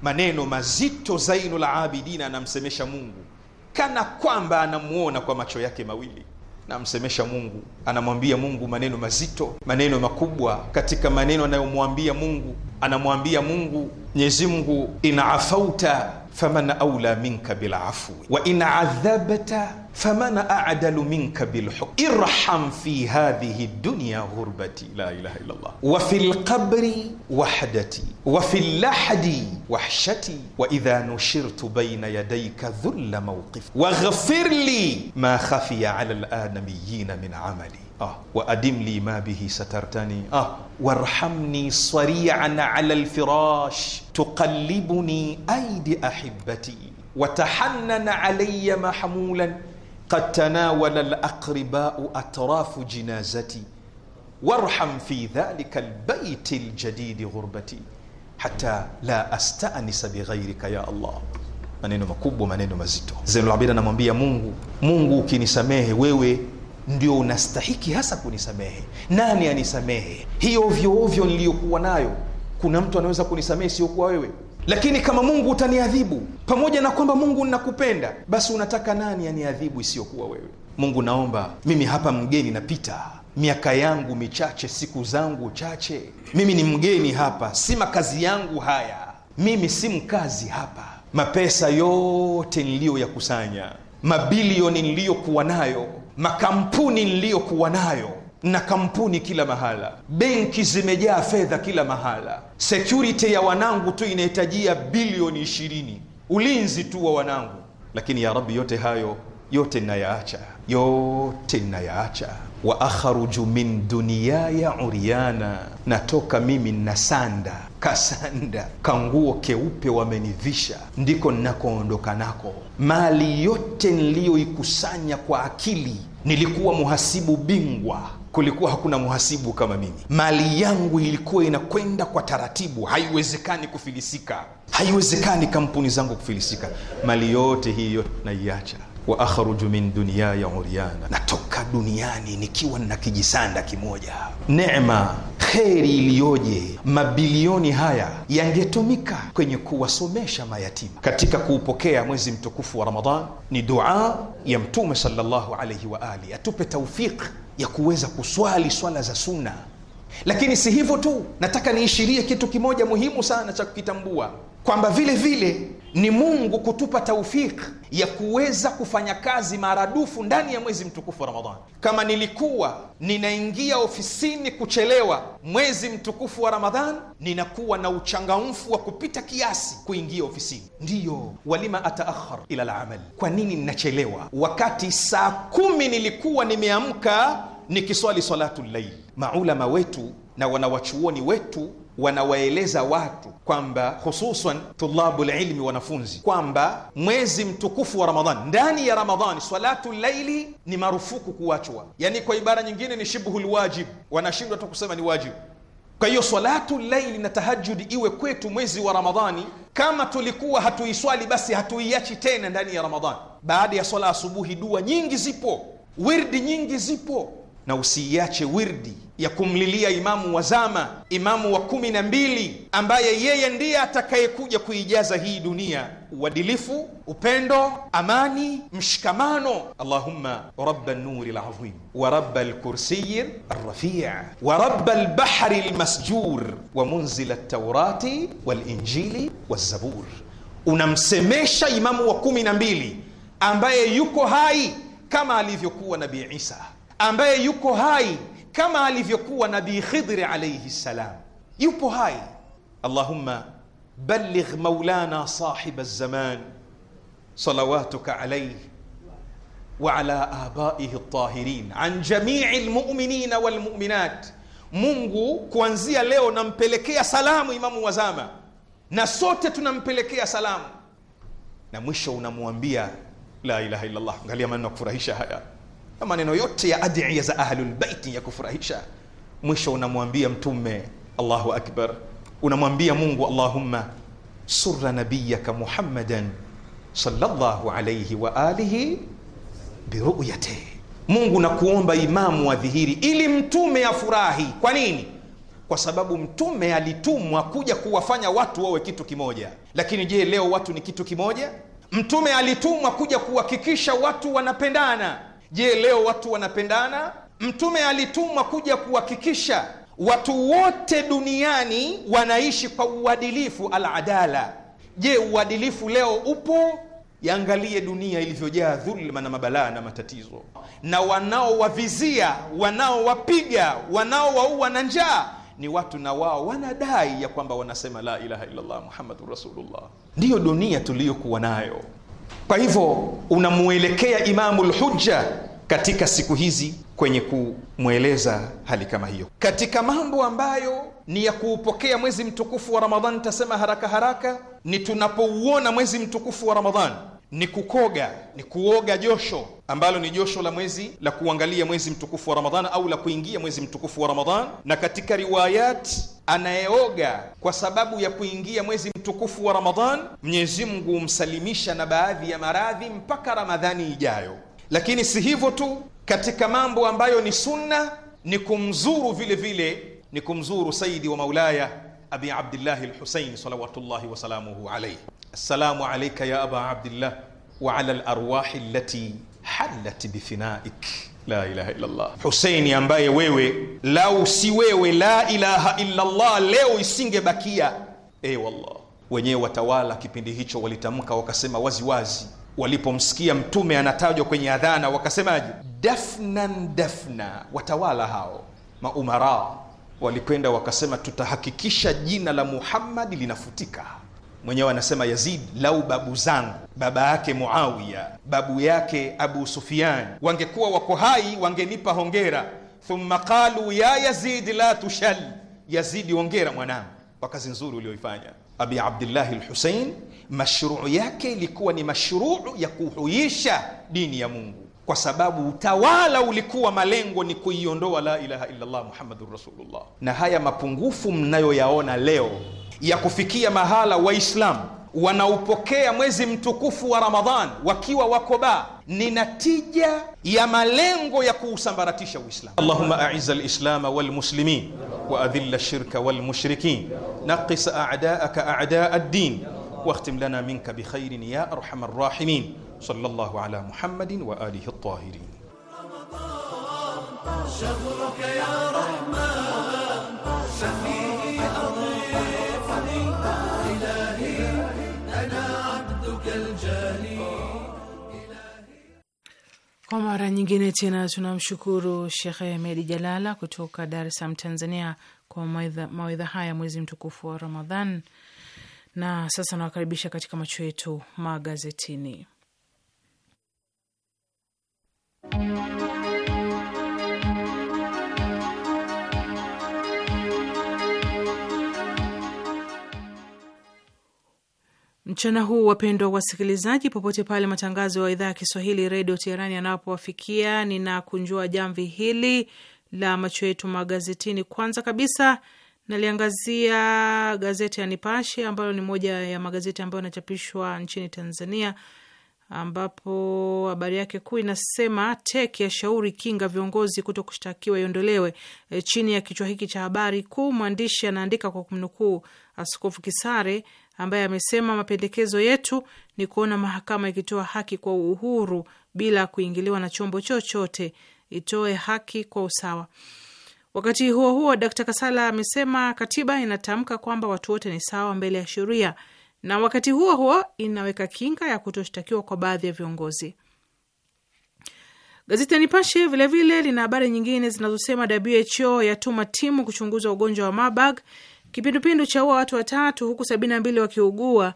maneno mazito. Zainu labidin anamsemesha Mungu kana kwamba anamwona kwa macho yake mawili namsemesha Mungu, anamwambia Mungu maneno mazito, maneno makubwa. Katika maneno anayomwambia Mungu, anamwambia Mungu, Mwenyezi Mungu, inaafauta فمن أولى منك بالعفو وإن عذبت فمن أعدل منك بالحق ارحم في هذه الدنيا غربتي لا إله إلا الله وفي القبر وحدتي وفي اللحد وحشتي وإذا نشرت بين يديك ذل موقف واغفر لي ما خفي على الآدميين من عملي آه وأدم لي ما به سترتني آه وارحمني صريعا على الفراش tuqallibuni aidi ahibati watahannana alaya mahmulan qad tanawala alaqribau atrafu jinazati warham fi dhalika lbaiti ljadidi ghurbati hata la astanisa bighairika ya Allah. Maneno makubwa, maneno mazito. Zainul Abidin anamwambia Mungu, Mungu ukinisamehe wewe ndio unastahiki hasa kunisamehe. Nani anisamehe hiyo ovyo ovyo niliyokuwa nayo kuna mtu anaweza kunisamehe isiyokuwa wewe lakini kama mungu utaniadhibu pamoja na kwamba mungu nnakupenda basi unataka nani aniadhibu isiyokuwa wewe mungu naomba mimi hapa mgeni napita miaka yangu michache siku zangu chache mimi ni mgeni hapa si makazi yangu haya mimi si mkazi hapa mapesa yote niliyoyakusanya mabilioni niliyokuwa nayo makampuni niliyokuwa nayo na kampuni kila mahala, benki zimejaa fedha kila mahala. Security ya wanangu tu inahitajia bilioni ishirini, ulinzi tu wa wanangu. Lakini ya Rabbi, yote hayo yote nayaacha yote nayaacha, wa akhruju min duniyaya uryana, natoka mimi nasanda kasanda kanguo keupe wamenivisha, ndiko nnakoondoka nako. Mali yote niliyoikusanya kwa akili, nilikuwa muhasibu bingwa kulikuwa hakuna mhasibu kama mimi. Mali yangu ilikuwa inakwenda kwa taratibu, haiwezekani kufilisika, haiwezekani kampuni zangu kufilisika. Mali yote hiyo naiacha wa akhruju min dunyaya uryana, natoka duniani nikiwa na kijisanda kimoja. Neema kheri iliyoje! Mabilioni haya yangetumika kwenye kuwasomesha mayatima. Katika kuupokea mwezi mtukufu wa Ramadhan ni dua ya Mtume sallallahu alaihi wa atupe taufiq ya kuweza kuswali swala za sunna. Lakini si hivyo tu, nataka niishirie kitu kimoja muhimu sana cha kukitambua kwamba vile vile ni Mungu kutupa taufiki ya kuweza kufanya kazi maradufu ndani ya mwezi mtukufu wa Ramadhani. Kama nilikuwa ninaingia ofisini kuchelewa mwezi mtukufu wa Ramadhani, ninakuwa na uchangamfu wa kupita kiasi kuingia ofisini. Ndiyo, walima ataakhar ila lamal, kwa nini ninachelewa wakati saa kumi nilikuwa nimeamka nikiswali salatu llail? Maulama wetu na wanawachuoni wetu wanawaeleza watu kwamba hususan tulabu lilmi, wanafunzi kwamba mwezi mtukufu wa Ramadhani, ndani ya Ramadhani salatu laili ni marufuku kuachwa, yani kwa ibara nyingine ni shibhu lwajib, wanashindwa tu kusema ni wajibu. Kwa hiyo salatu laili na tahajudi iwe kwetu mwezi wa Ramadhani, kama tulikuwa hatuiswali basi hatuiachi tena ndani ya Ramadhani. Baada ya swala asubuhi, dua nyingi zipo, wirdi nyingi zipo na usiiache wirdi ya kumlilia imamu wa zama, imamu wa kumi na mbili, ambaye yeye ndiye atakayekuja kuijaza hii dunia uadilifu, upendo, amani, mshikamano. Allahumma rabba nuri lazim wa rabba lkursiyi rrafii wa rabba lbahri lmasjur wa munzila ltaurati walinjili wazabur. Unamsemesha imamu wa kumi na mbili ambaye yuko hai kama alivyokuwa Nabii Isa ambaye yuko hai kama alivyokuwa Nabii Khidri alaihi ssalam, yupo hai. Allahumma balligh maulana sahiba zaman salawatuka alaihi وعلى آبائه الطاهرين عن جميع المؤمنين والمؤمنات Mungu kuanzia leo nampelekea salamu Imamu Wazama na sote tunampelekea salamu, na mwisho unamwambia la ilaha illallah. Angalia maneno ya kufurahisha haya. na maneno yote ya adhiya za ahlulbaiti ya kufurahisha, mwisho unamwambia Mtume Allahu akbar, unamwambia Mungu Allahumma sura nabiyaka Muhammadan sallallahu alayhi wa alihi biruyatihi Mungu nakuomba imamu wa dhihiri ili mtume afurahi. Kwa nini? Kwa sababu mtume alitumwa kuja kuwafanya watu wawe kitu kimoja. Lakini je, leo watu ni kitu kimoja? Mtume alitumwa kuja kuhakikisha watu wanapendana. Je, leo watu wanapendana? Mtume alitumwa kuja kuhakikisha watu wote duniani wanaishi kwa uadilifu, aladala. Je, uadilifu leo upo? Yaangalie dunia ilivyojaa dhulma na mabalaa na matatizo, na wanaowavizia, wanaowapiga, wanaowaua na njaa ni watu na wao wanadai ya kwamba wanasema la ilaha illallah muhammadun rasulullah. Ndiyo dunia tuliyokuwa nayo. Kwa hivyo unamwelekea Imamu lhujja katika siku hizi kwenye kumweleza hali kama hiyo, katika mambo ambayo ni ya kuupokea mwezi mtukufu wa Ramadhani. Tasema haraka haraka ni tunapouona mwezi mtukufu wa Ramadhani ni kukoga, ni kuoga josho ambalo ni josho la mwezi la kuangalia mwezi mtukufu wa Ramadhan au la kuingia mwezi mtukufu wa Ramadhan. Na katika riwayati, anayeoga kwa sababu ya kuingia mwezi mtukufu wa ramadhan Mwenyezi Mungu humsalimisha na baadhi ya maradhi mpaka Ramadhani ijayo. Lakini si hivyo tu, katika mambo ambayo ni sunna ni kumzuru vile vile, ni kumzuru sayidi wa maulaya Abi Abdillahi Lhusaini salawatullahi wasalamuhu alaihi assalamu alaika ya aba abdillah wa ala larwahi allati halat bithinaik la ilaha illallah. Huseini ambaye wewe lau si wewe la ilaha illallah leo isingebakia. E wallah, wenyewe watawala kipindi hicho walitamka wakasema waziwazi, walipomsikia mtume anatajwa kwenye adhana wakasemaje? Dafnan dafna. Watawala hao maumara walikwenda wakasema tutahakikisha jina la Muhammadi linafutika mwenyewe anasema Yazid, lau babu zangu baba yake Muawiya, babu yake Abu Sufyan wangekuwa wako hai, wangenipa hongera. Thumma qalu ya Yazid la tushal, Yazidi hongera mwanangu kwa kazi nzuri ulioifanya. Abi Abdillahi Lhusein, mashruu yake ilikuwa ni mashruu ya kuhuisha dini ya Mungu kwa sababu utawala ulikuwa malengo ni kuiondoa la ilaha illallah muhammadun rasulullah, na haya mapungufu mnayoyaona leo ya kufikia mahala Waislamu wanaupokea mwezi mtukufu wa Ramadhan wakiwa wakoba ni natija ya malengo ya kuusambaratisha Uislamu. Allahumma a'izz al-islam wal muslimin wa adhill ash-shirka wal mushrikin naqis a'da'aka a'da' ad-din واختم لنا منك بخير يا أرحم الراحمين صلى الله على محمد وآله الطاهرين رمضان شهرك يا Kwa mara nyingine tena tunamshukuru Shekhe Medi Jalala kutoka Dar es Salaam, Tanzania, kwa mawaidha haya mwezi mtukufu wa Ramadhan. Na sasa nawakaribisha katika macho yetu magazetini. mchana huu, wapendwa wasikilizaji, popote pale matangazo ya idhaa ya Kiswahili redio Teherani yanapowafikia, ninakunjua jamvi hili la macho yetu magazetini. Kwanza kabisa naliangazia gazeti ya Nipashe ambayo ni moja ya magazeti ambayo yanachapishwa nchini Tanzania, ambapo habari yake kuu inasema TEC shauri kinga viongozi kuto kushtakiwa iondolewe. E, chini ya kichwa hiki cha habari kuu mwandishi anaandika kwa kumnukuu Askofu Kisare ambaye amesema mapendekezo yetu ni kuona mahakama ikitoa haki kwa uhuru bila kuingiliwa na chombo chochote, itoe haki kwa usawa. Wakati huo huo, d Kasala amesema katiba inatamka kwamba watu wote ni sawa mbele ya sheria, na wakati huo huo inaweka kinga ya kutoshtakiwa kwa baadhi ya viongozi. Gazeti ya Nipashe vilevile lina habari nyingine zinazosema WHO yatuma timu kuchunguza ugonjwa wa Marburg Kipindupindu cha ua watu watatu huku sabini na mbili wakiugua.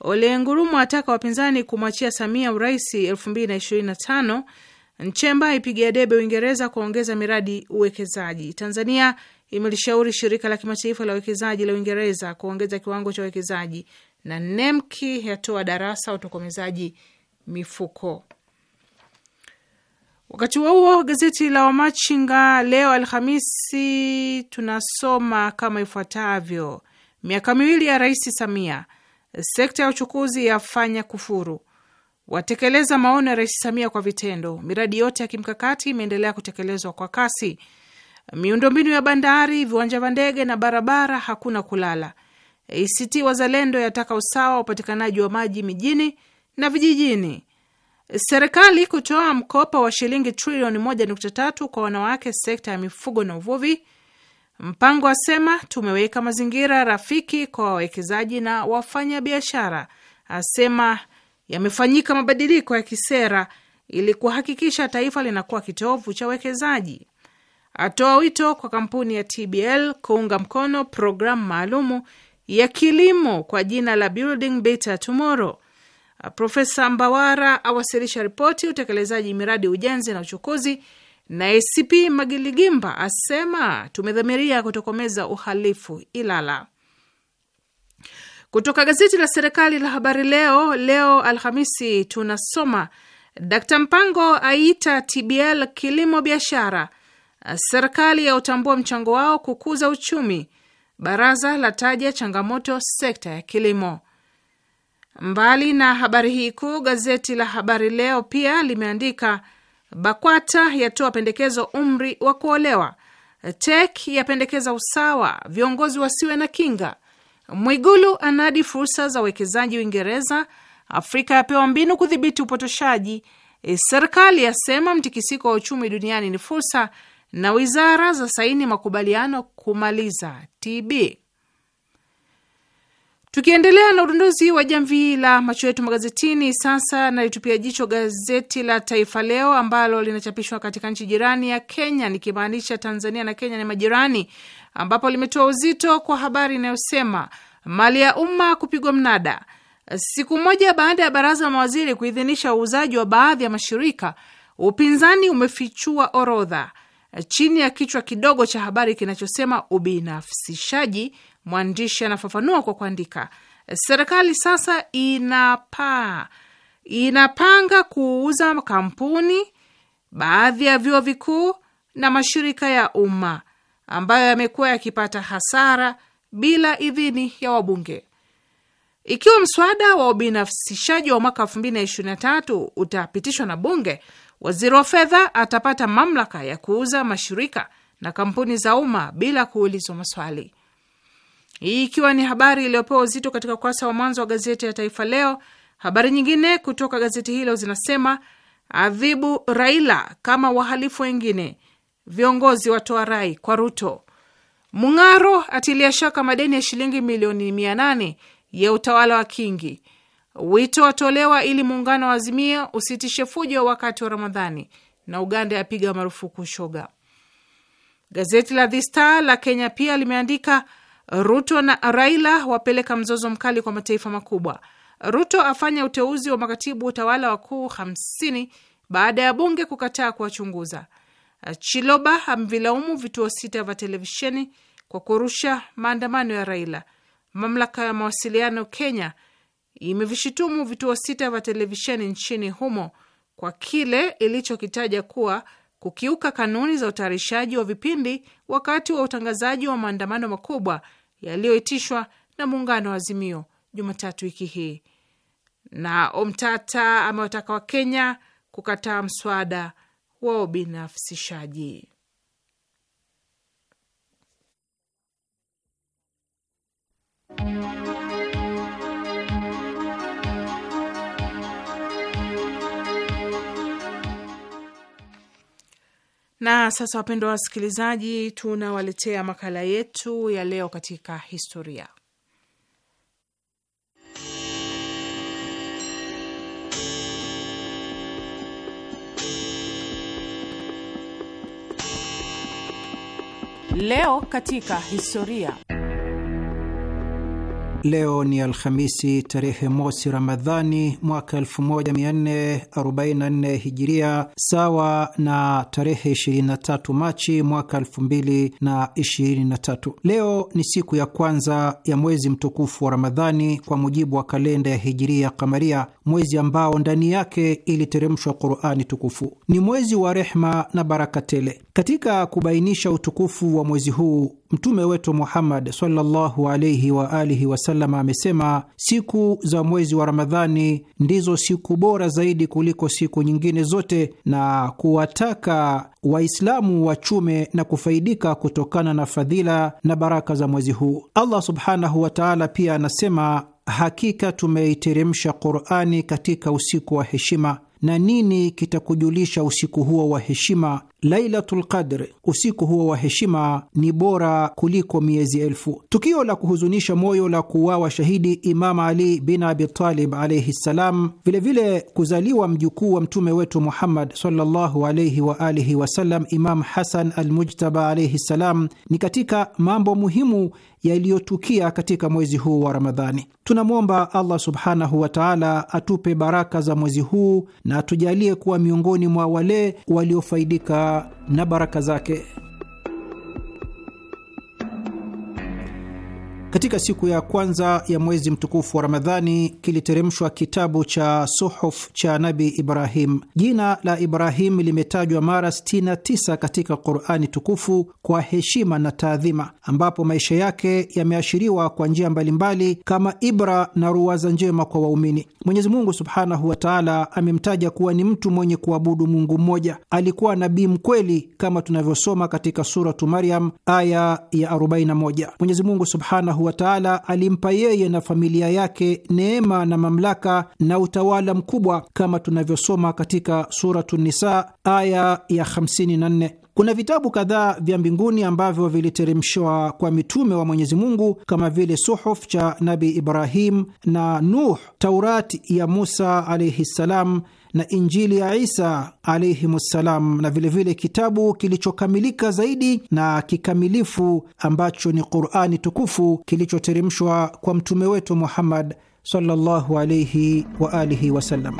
Ole Ngurumo ataka wapinzani kumwachia Samia urais elfu mbili na ishirini na tano. Nchemba ipigia debe Uingereza kuongeza miradi uwekezaji. Tanzania imelishauri shirika la kimataifa la uwekezaji la Uingereza kuongeza kiwango cha uwekezaji, na NEMKI yatoa darasa utokomezaji mifuko Wakati huo huo, gazeti la Wamachinga leo Alhamisi tunasoma kama ifuatavyo: miaka miwili ya Rais Samia, sekta ya uchukuzi yafanya kufuru, watekeleza maono ya Rais Samia kwa vitendo, miradi yote ya kimkakati imeendelea kutekelezwa kwa kasi, miundombinu ya bandari, viwanja vya ndege na barabara, hakuna kulala. ACT Wazalendo yataka usawa wa upatikanaji wa maji mijini na vijijini serikali kutoa mkopo wa shilingi trilioni 1.3 kwa wanawake sekta ya mifugo na uvuvi. Mpango asema tumeweka mazingira rafiki kwa wawekezaji na wafanyabiashara, asema yamefanyika mabadiliko ya kisera ili kuhakikisha taifa linakuwa kitovu cha uwekezaji. Atoa wito kwa kampuni ya TBL kuunga mkono programu maalumu ya kilimo kwa jina la Building Better Tomorrow Uh, Profesa Mbawara awasilisha ripoti utekelezaji miradi ujenzi na uchukuzi, na ACP Magiligimba asema tumedhamiria kutokomeza uhalifu Ilala. Kutoka gazeti la serikali la Habari Leo leo Alhamisi tunasoma Dkt Mpango aita TBL kilimo biashara, uh, serikali utambua mchango wao kukuza uchumi, baraza la taja changamoto sekta ya kilimo. Mbali na habari hii kuu, gazeti la Habari Leo pia limeandika BAKWATA yatoa pendekezo umri wa kuolewa, tek yapendekeza usawa, viongozi wasiwe na kinga, Mwigulu anadi fursa za uwekezaji Uingereza, Afrika yapewa mbinu kudhibiti upotoshaji, e, serikali yasema mtikisiko wa uchumi duniani ni fursa, na wizara za saini makubaliano kumaliza TB. Tukiendelea na udondozi wa jamvi la macho yetu magazetini, sasa nalitupia jicho gazeti la Taifa Leo ambalo linachapishwa katika nchi jirani ya Kenya, nikimaanisha Tanzania na Kenya ni majirani, ambapo limetoa uzito kwa habari inayosema mali ya umma kupigwa mnada, siku moja baada ya baraza la mawaziri kuidhinisha uuzaji wa baadhi ya mashirika, upinzani umefichua orodha chini ya kichwa kidogo cha habari kinachosema ubinafsishaji Mwandishi anafafanua kwa kuandika, serikali sasa inapaa inapanga kuuza kampuni, baadhi ya vyuo vikuu na mashirika ya umma ambayo yamekuwa yakipata hasara bila idhini ya wabunge. Ikiwa mswada wa ubinafsishaji wa mwaka 2023 utapitishwa na bunge, waziri wa fedha atapata mamlaka ya kuuza mashirika na kampuni za umma bila kuulizwa maswali. Hii ikiwa ni habari iliyopewa uzito katika ukurasa wa mwanzo wa gazeti ya Taifa Leo. Habari nyingine kutoka gazeti hilo zinasema adhibu Raila kama wahalifu wengine, viongozi watoa rai kwa Ruto, Mung'aro atilia shaka madeni ya shilingi milioni mia nane ya utawala wa Kingi, wito watolewa ili muungano wa Azimia usitishe fujo wakati wa Ramadhani, na Uganda yapiga marufuku shoga. Gazeti la The Star la Kenya pia limeandika Ruto na Raila wapeleka mzozo mkali kwa mataifa makubwa. Ruto afanya uteuzi wa makatibu utawala wakuu 50 baada ya bunge kukataa kuwachunguza. Chiloba amvilaumu vituo sita vya televisheni kwa kurusha maandamano ya Raila. Mamlaka ya mawasiliano Kenya imevishutumu vituo sita vya televisheni nchini humo kwa kile ilichokitaja kuwa kukiuka kanuni za utayarishaji wa vipindi wakati wa utangazaji wa maandamano makubwa yaliyoitishwa na muungano wa Azimio Jumatatu wiki hii, na Omtata amewataka Wakenya kukataa mswada wa ubinafsishaji. Na sasa, wapendwa wasikilizaji, tunawaletea makala yetu ya leo katika historia. Leo katika historia. Leo ni Alhamisi tarehe mosi Ramadhani mwaka 1444 Hijiria, sawa na tarehe 23 Machi mwaka 2023. Leo ni siku ya kwanza ya mwezi mtukufu wa Ramadhani kwa mujibu wa kalenda ya Hijiria Kamaria, mwezi ambao ndani yake iliteremshwa Qurani tukufu. Ni mwezi wa rehma na baraka tele. Katika kubainisha utukufu wa mwezi huu Mtume wetu Muhammad sallallahu alaihi wa alihi wasallam amesema, siku za mwezi wa Ramadhani ndizo siku bora zaidi kuliko siku nyingine zote, na kuwataka Waislamu wachume na kufaidika kutokana na fadhila na baraka za mwezi huu. Allah subhanahu wataala pia anasema, hakika tumeiteremsha Qurani katika usiku wa heshima na nini kitakujulisha usiku huo wa heshima? Lailatul Qadr, usiku huo wa heshima ni bora kuliko miezi elfu. Tukio la kuhuzunisha moyo la kuuawa shahidi Imam Ali bin Abitalib alaihi ssalam, vilevile kuzaliwa mjukuu wa mtume wetu Muhammad sallallahu alaihi wa alihi wasallam, Imam Hasan Almujtaba alaihi ssalam, ni katika mambo muhimu yaliyotukia katika mwezi huu wa Ramadhani. Tunamwomba Allah subhanahu wa taala atupe baraka za mwezi huu na atujalie kuwa miongoni mwa wale waliofaidika na baraka zake. Katika siku ya kwanza ya mwezi mtukufu wa Ramadhani kiliteremshwa kitabu cha suhuf cha Nabi Ibrahim. Jina la Ibrahim limetajwa mara 69 katika Qurani tukufu kwa heshima na taadhima, ambapo maisha yake yameashiriwa kwa njia mbalimbali kama ibra na ruwaza njema kwa waumini. Mwenyezi Mungu subhanahu wataala amemtaja kuwa ni mtu mwenye kuabudu Mungu mmoja. Alikuwa nabii mkweli kama tunavyosoma katika Suratu Maryam aya ya 41. Mwenyezi Mungu subhanahu wa taala alimpa yeye na familia yake neema na mamlaka na utawala mkubwa kama tunavyosoma katika Suratu Nisa aya ya 54. Kuna vitabu kadhaa vya mbinguni ambavyo viliteremshwa kwa mitume wa Mwenyezi Mungu kama vile suhuf cha Nabi Ibrahim na Nuh, Taurati ya Musa alaihi ssalam na Injili ya Isa alaihimussalam, na vilevile vile kitabu kilichokamilika zaidi na kikamilifu ambacho ni Qurani tukufu kilichoteremshwa kwa mtume wetu Muhammad sallallahu alaihi waalihi wasallam.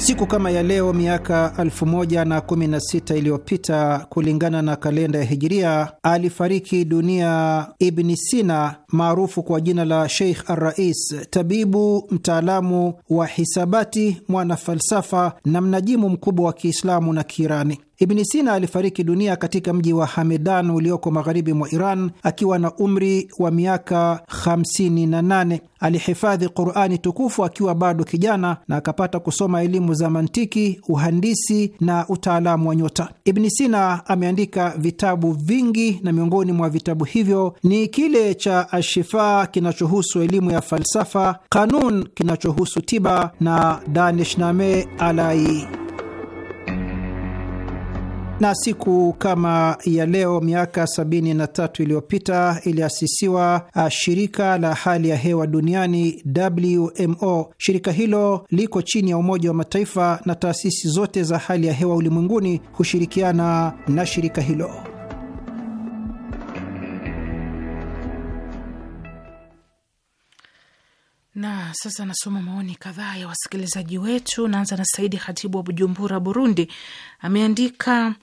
Siku kama ya leo miaka 1016 iliyopita kulingana na kalenda ya Hijiria alifariki dunia Ibni Sina maarufu kwa jina la Sheikh Arrais, tabibu mtaalamu wa hisabati, mwana falsafa na mnajimu mkubwa wa Kiislamu na Kiirani. Ibni Sina alifariki dunia katika mji wa Hamedan ulioko magharibi mwa Iran akiwa na umri wa miaka 58. Alihifadhi Qurani tukufu akiwa bado kijana na akapata kusoma elimu za mantiki, uhandisi na utaalamu wa nyota. Ibni Sina ameandika vitabu vingi na miongoni mwa vitabu hivyo ni kile cha Ashifa kinachohusu elimu ya falsafa, Kanun kinachohusu tiba na Danishname Alai. Na siku kama ya leo miaka 73 iliyopita iliasisiwa ah, shirika la hali ya hewa duniani WMO. Shirika hilo liko chini ya Umoja wa Mataifa na taasisi zote za hali ya hewa ulimwenguni hushirikiana na shirika hilo. Na sasa nasoma maoni kadhaa ya wasikilizaji wetu. Naanza na Saidi Khatibu wa Bujumbura, Burundi. Ameandika,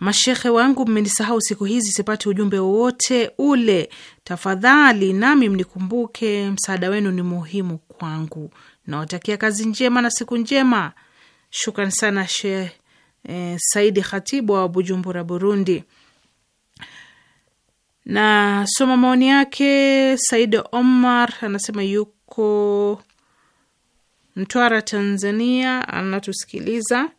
mashehe wangu, mmenisahau siku hizi, sipati ujumbe wowote ule. Tafadhali nami mnikumbuke, msaada wenu ni muhimu kwangu. Nawatakia kazi njema na siku njema. Shukran sana she eh, Saidi Khatibu wa Bujumbura, Burundi. Na soma maoni yake. Said Omar anasema yuko yuko Mtwara, Tanzania, anatusikiliza.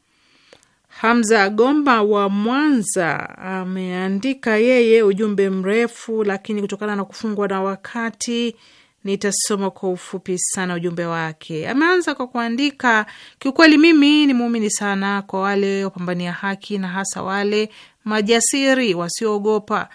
Hamza gomba wa Mwanza ameandika yeye ujumbe mrefu, lakini kutokana na kufungwa na wakati nitasoma kwa ufupi sana ujumbe wake. Ameanza kwa kuandika, kiukweli mimi ni muumini sana kwa wale wapambania haki na hasa wale majasiri wasioogopa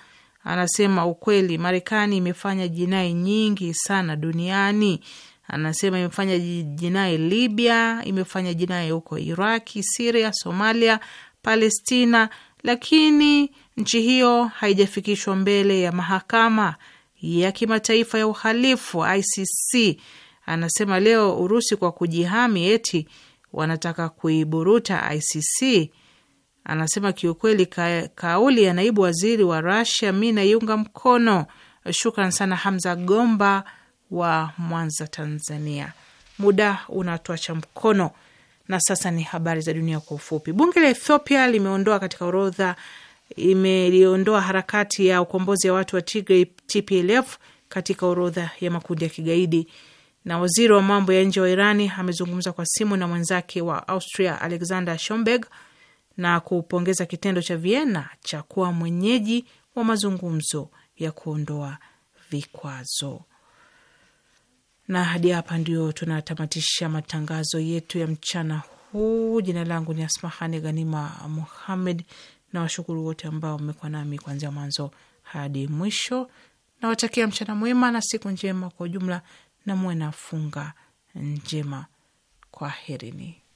Anasema ukweli, Marekani imefanya jinai nyingi sana duniani. Anasema imefanya jinai Libya, imefanya jinai huko Iraki, Siria, Somalia, Palestina, lakini nchi hiyo haijafikishwa mbele ya mahakama ya kimataifa ya uhalifu ICC. Anasema leo Urusi kwa kujihami eti wanataka kuiburuta ICC Anasema kiukweli, ka, kauli ya naibu waziri wa rusia mi naiunga mkono. Shukran sana Hamza Gomba wa Mwanza, Tanzania. Muda unatuacha mkono, na sasa ni habari za dunia kwa ufupi. Bunge la Ethiopia limeondoa katika orodha, imeliondoa harakati ya ukombozi wa watu wa Tigray TPLF katika orodha ya makundi ya kigaidi. Na waziri wa mambo ya nje wa Irani amezungumza kwa simu na mwenzake wa Austria Alexander Shomberg na kupongeza kitendo cha Vienna cha kuwa mwenyeji wa mazungumzo ya kuondoa vikwazo. Na hadi hapa ndio tunatamatisha matangazo yetu ya mchana huu. Jina langu ni Asmahani Ghanima Muhammed, na washukuru wote ambao mmekuwa nami kuanzia mwanzo hadi mwisho. Nawatakia mchana mwema na siku njema kwa ujumla, na muwe na funga njema. Kwaherini.